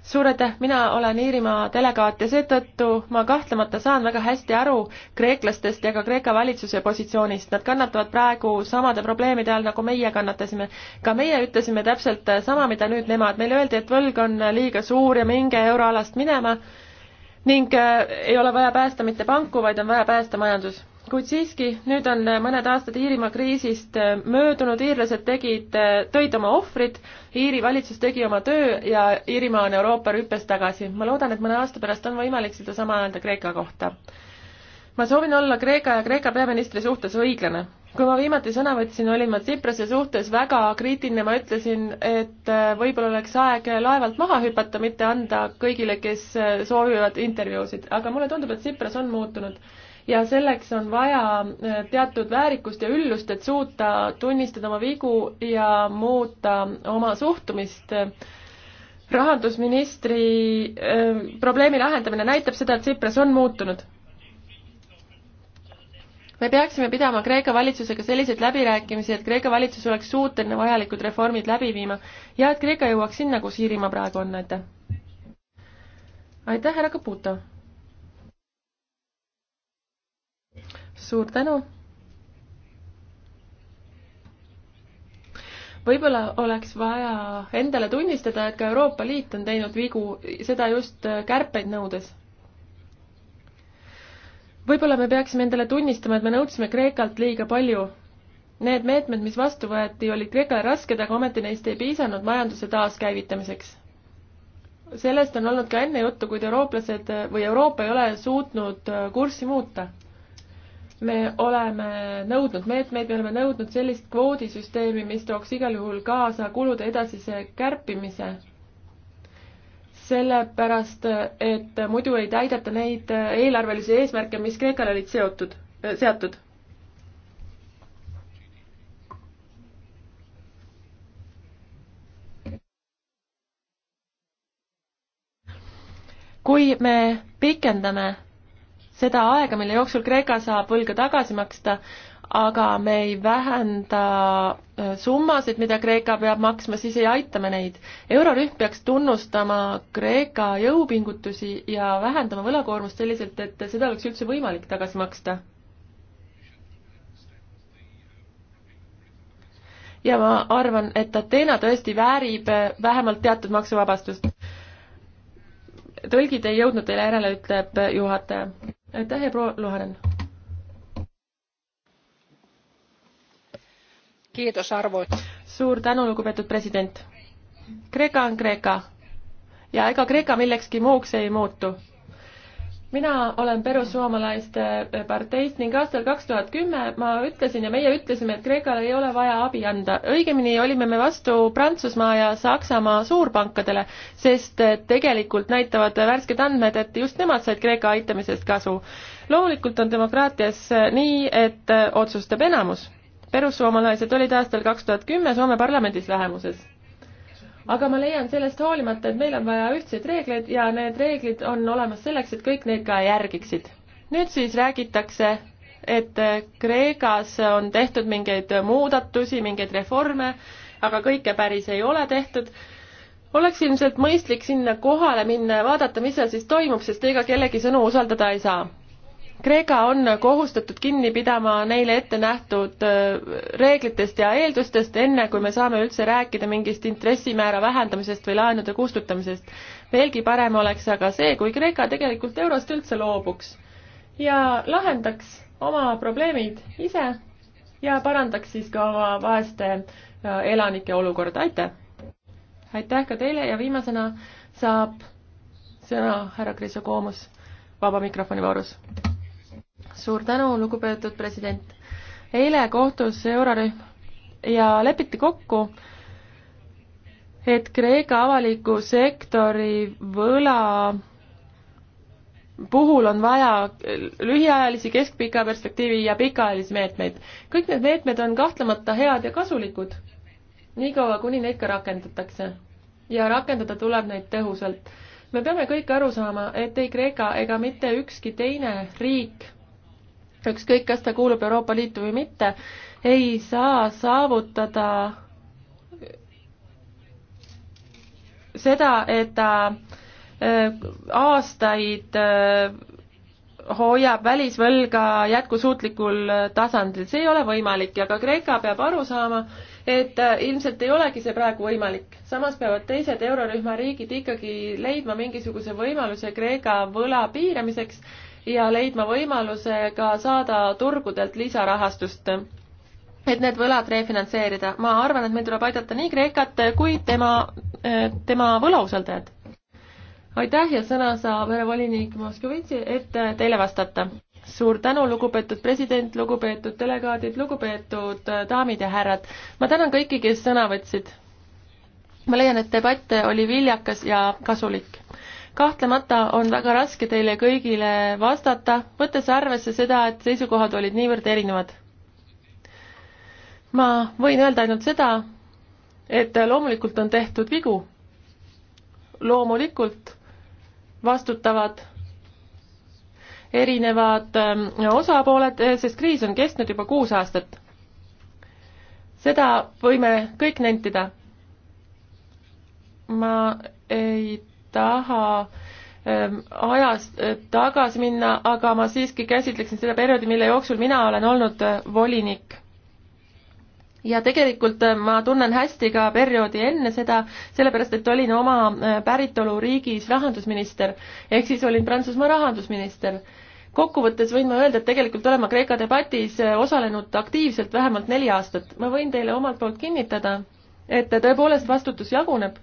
suur aitäh, mina olen Iirimaa delegaat ja seetõttu ma kahtlemata saan väga hästi aru kreeklastest ja ka Kreeka valitsuse positsioonist. Nad kannatavad praegu samade probleemide all, nagu meie kannatasime. ka meie ütlesime täpselt sama, mida nüüd nemad. meile öeldi, et võlg on liiga suur ja minge euroalast minema ning äh, ei ole vaja päästa mitte panku, vaid on vaja päästa majandus kuid siiski, nüüd on mõned aastad Iirimaa kriisist äh, möödunud, iirlased tegid, äh, tõid oma ohvrid, Iiri valitsus tegi oma töö ja Iirimaa on Euroopa rüppes tagasi. ma loodan, et mõne aasta pärast on võimalik sedasama öelda Kreeka kohta. ma soovin olla Kreeka ja Kreeka peaministri suhtes õiglane. kui ma viimati sõna võtsin, olin ma Tsiprase suhtes väga kriitiline, ma ütlesin, et äh, võib-olla oleks aeg laevalt maha hüpata, mitte anda kõigile, kes soovivad intervjuusid, aga mulle tundub, et Tsipras on muutunud ja selleks on vaja äh, teatud väärikust ja üllust, et suuta tunnistada oma vigu ja muuta oma suhtumist. rahandusministri äh, probleemi lahendamine näitab seda, et Tsipras on muutunud. me peaksime pidama Kreeka valitsusega selliseid läbirääkimisi, et Kreeka valitsus oleks suuteline vajalikud reformid läbi viima ja et Kreeka jõuaks sinna, kus Iirimaa praegu on, aitäh. aitäh, härra Caputo suur tänu. võib-olla oleks vaja endale tunnistada, et ka Euroopa Liit on teinud vigu, seda just kärpeid nõudes võib-olla me peaksime endale tunnistama, et me nõudsime Kreekalt liiga palju. Need meetmed, mis vastu võeti, olid Kreekale rasked, aga ometi neist ei piisanud majanduse taaskäivitamiseks. sellest on olnud ka enne juttu, kuid eurooplased või Euroopa ei ole suutnud kurssi muuta me oleme nõudnud meetmeid, me oleme nõudnud sellist kvoodisüsteemi, mis tooks igal juhul kaasa kulude edasise kärpimise. sellepärast, et muidu ei täideta neid eelarvelisi eesmärke, mis Kreekale olid seotud, seatud. kui me pikendame seda aega, mille jooksul Kreeka saab võlga tagasi maksta, aga me ei vähenda äh, summasid, mida Kreeka peab maksma, siis ei aita me neid. eurorühm peaks tunnustama Kreeka jõupingutusi ja vähendama võlakoormust selliselt, et seda oleks üldse võimalik tagasi maksta. ja ma arvan, et Ateena tõesti väärib äh, vähemalt teatud maksuvabastust. tõlgid ei jõudnud teile järele, ütleb juhataja aitäh ja proua Luhanen. suur tänu, lugupeetud president. Kreeka on Kreeka ja ega Kreeka millekski muuks ei muutu mina olen perussoomalaiste parteist ning aastal kaks tuhat kümme ma ütlesin ja meie ütlesime, et Kreekale ei ole vaja abi anda. õigemini olime me vastu Prantsusmaa ja Saksamaa suurpankadele, sest tegelikult näitavad värsked andmed, et just nemad said Kreeka aitamisest kasu. loomulikult on demokraatias nii, et otsustab enamus. perussoomalaised olid aastal kaks tuhat kümme Soome parlamendis vähemuses aga ma leian sellest hoolimata, et meil on vaja ühtseid reegleid ja need reeglid on olemas selleks, et kõik neid ka järgiksid. nüüd siis räägitakse et Kreekas on tehtud mingeid muudatusi, mingeid reforme, aga kõike päris ei ole tehtud. oleks ilmselt mõistlik sinna kohale minna ja vaadata, mis seal siis toimub, sest ega kellegi sõnu usaldada ei saa. Kreeka on kohustatud kinni pidama neile ette nähtud äh, reeglitest ja eeldustest, enne kui me saame üldse rääkida mingist intressimäära vähendamisest või laenude kustutamisest. veelgi parem oleks aga see, kui Kreeka tegelikult eurost üldse loobuks ja lahendaks oma probleemid ise ja parandaks siis ka oma vaeste äh, elanike olukorda, aitäh! aitäh ka teile ja viimasena saab sõna härra Kriso Koomus vaba mikrofoni voorus suur tänu, lugupeetud president. eile kohtus eurorühm ja lepiti kokku, et Kreeka avaliku sektori võla puhul on vaja lühiajalisi, keskpika perspektiivi ja pikaajalisi meetmeid. kõik need meetmed on kahtlemata head ja kasulikud, niikaua kuni neid ka rakendatakse. ja rakendada tuleb neid tõhusalt. me peame kõik aru saama, et ei Kreeka ega mitte ükski teine riik ükskõik, kas ta kuulub Euroopa Liitu või mitte, ei saa saavutada seda, et ta äh, aastaid äh, hoiab välisvõlga jätkusuutlikul äh, tasandil, see ei ole võimalik ja ka Kreeka peab aru saama, et ilmselt ei olegi see praegu võimalik. samas peavad teised eurorühma riigid ikkagi leidma mingisuguse võimaluse Kreeka võla piiramiseks ja leidma võimaluse ka saada turgudelt lisarahastust, et need võlad refinantseerida. ma arvan, et meil tuleb aidata nii Kreekat kui tema, eh, tema võlausaldajad. aitäh ja sõna saab härra volinik Moskovitši, et teile vastata. suur tänu, lugupeetud president, lugupeetud delegaadid, lugupeetud eh, daamid ja härrad. ma tänan kõiki, kes sõna võtsid ma leian, et debatt oli viljakas ja kasulik kahtlemata on väga raske teile kõigile vastata, võttes arvesse seda, et seisukohad olid niivõrd erinevad. ma võin öelda ainult seda, et loomulikult on tehtud vigu. loomulikult vastutavad erinevad ähm, osapooled, eh, sest kriis on kestnud juba kuus aastat. seda võime kõik nentida. ma ei taha ähm, ajas äh, tagasi minna, aga ma siiski käsitleksin seda perioodi, mille jooksul mina olen olnud äh, volinik ja tegelikult äh, ma tunnen hästi ka perioodi enne seda, sellepärast et olin oma päritoluriigis rahandusminister, ehk siis olin Prantsusmaa rahandusminister. kokkuvõttes võin ma öelda, et tegelikult olen ma Kreeka debatis osalenud aktiivselt vähemalt neli aastat. ma võin teile omalt poolt kinnitada, et tõepoolest vastutus jaguneb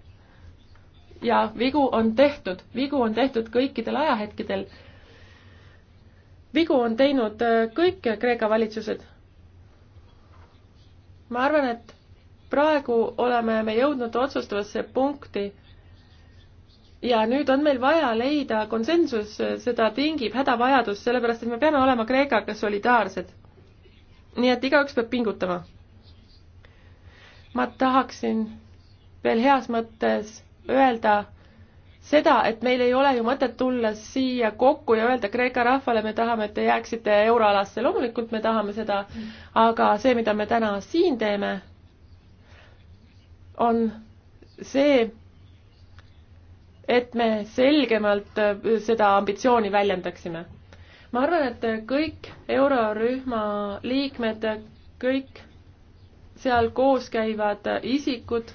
ja vigu on tehtud, vigu on tehtud kõikidel ajahetkedel. vigu on teinud äh, kõik Kreeka valitsused. ma arvan, et praegu oleme me jõudnud otsustavasse punkti ja nüüd on meil vaja leida konsensus, seda tingib hädavajadus, sellepärast et me peame olema Kreekaga solidaarsed. nii et igaüks peab pingutama. ma tahaksin veel heas mõttes öelda seda, et meil ei ole ju mõtet tulla siia kokku ja öelda Kreeka rahvale, me tahame, et te jääksite euroalasse, loomulikult me tahame seda, aga see, mida me täna siin teeme, on see, et me selgemalt seda ambitsiooni väljendaksime. ma arvan, et kõik eurorühma liikmed, kõik seal koos käivad isikud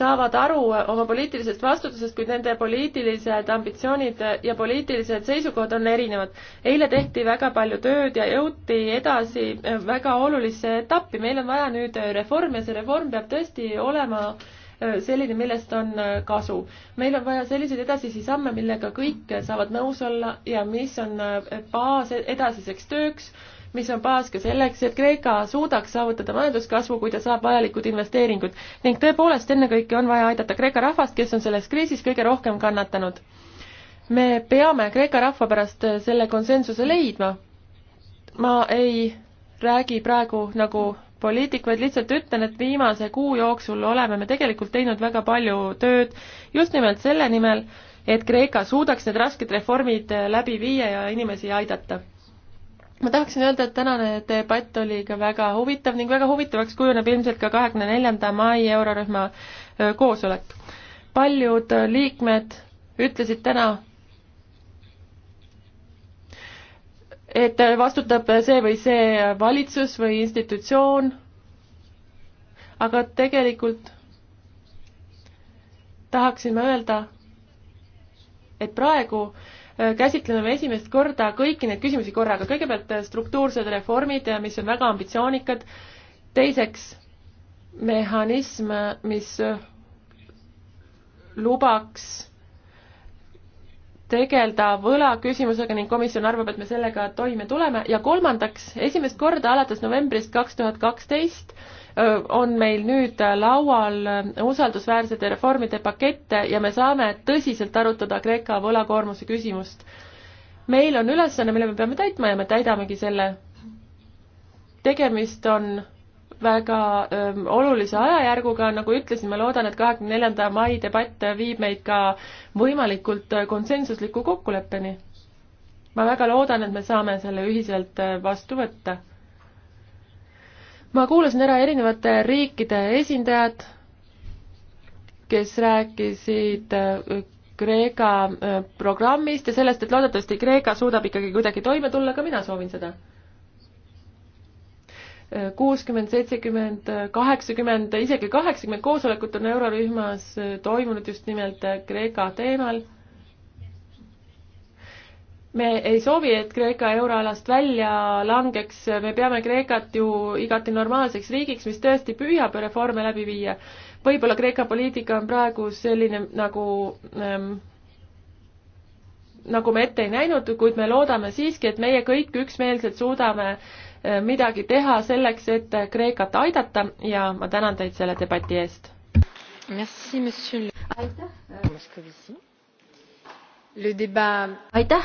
saavad aru oma poliitilisest vastutusest, kuid nende poliitilised ambitsioonid ja poliitilised seisukohad on erinevad. eile tehti väga palju tööd ja jõuti edasi väga olulisse etappi, meil on vaja nüüd reformi ja see reform peab tõesti olema äh, selline, millest on äh, kasu. meil on vaja selliseid edasisi samme, millega kõik saavad nõus olla ja mis on äh, baas edasiseks tööks mis on baas ka selleks, et Kreeka suudaks saavutada majanduskasvu, kui ta saab vajalikud investeeringud. ning tõepoolest, ennekõike on vaja aidata Kreeka rahvast, kes on selles kriisis kõige rohkem kannatanud. me peame Kreeka rahva pärast äh, selle konsensuse leidma. ma ei räägi praegu nagu poliitik, vaid lihtsalt ütlen, et viimase kuu jooksul oleme me tegelikult teinud väga palju tööd just nimelt selle nimel, et Kreeka suudaks need rasked reformid äh, läbi viia ja inimesi aidata ma tahaksin öelda, et tänane debatt oli ka väga huvitav ning väga huvitavaks kujuneb ilmselt ka kahekümne neljanda mai eurorühma koosolek. paljud liikmed ütlesid täna, et vastutab see või see valitsus või institutsioon, aga tegelikult tahaksin ma öelda, et praegu äh, Äh, käsitleme me esimest korda kõiki neid küsimusi korraga, kõigepealt äh, struktuursed reformid, äh, mis on väga ambitsioonikad, teiseks mehhanism, mis lubaks tegeleda võlaküsimusega ning komisjon arvab, et me sellega toime tuleme ja kolmandaks, esimest korda alates novembrist kaks tuhat kaksteist on meil nüüd laual usaldusväärsete reformide pakett ja me saame tõsiselt arutada Kreeka võlakoormuse küsimust. meil on ülesanne, mille me peame täitma ja me täidamegi selle. tegemist on väga öö, olulise ajajärguga, nagu ütlesin, ma loodan, et kahekümne neljanda mai debatt viib meid ka võimalikult konsensusliku kokkuleppeni. ma väga loodan, et me saame selle ühiselt vastu võtta. ma kuulasin ära erinevate riikide esindajad, kes rääkisid Kreeka programmist ja sellest, et loodetavasti Kreeka suudab ikkagi kuidagi toime tulla, ka mina soovin seda kuuskümmend, seitsekümmend, kaheksakümmend, isegi kaheksakümmend koosolekut on eurorühmas toimunud just nimelt Kreeka teemal. me ei soovi, et Kreeka euroalast välja langeks, me peame Kreekat ju igati normaalseks riigiks, mis tõesti püüab reforme läbi viia. võib-olla Kreeka poliitika on praegu selline nagu ähm, nagu me ette ei näinud, kuid me loodame siiski, et meie kõik üksmeelselt suudame äh, Äh, midagi teha selleks, et äh, Kreekat aidata ja ma tänan teid selle debati eest. aitäh. aitäh.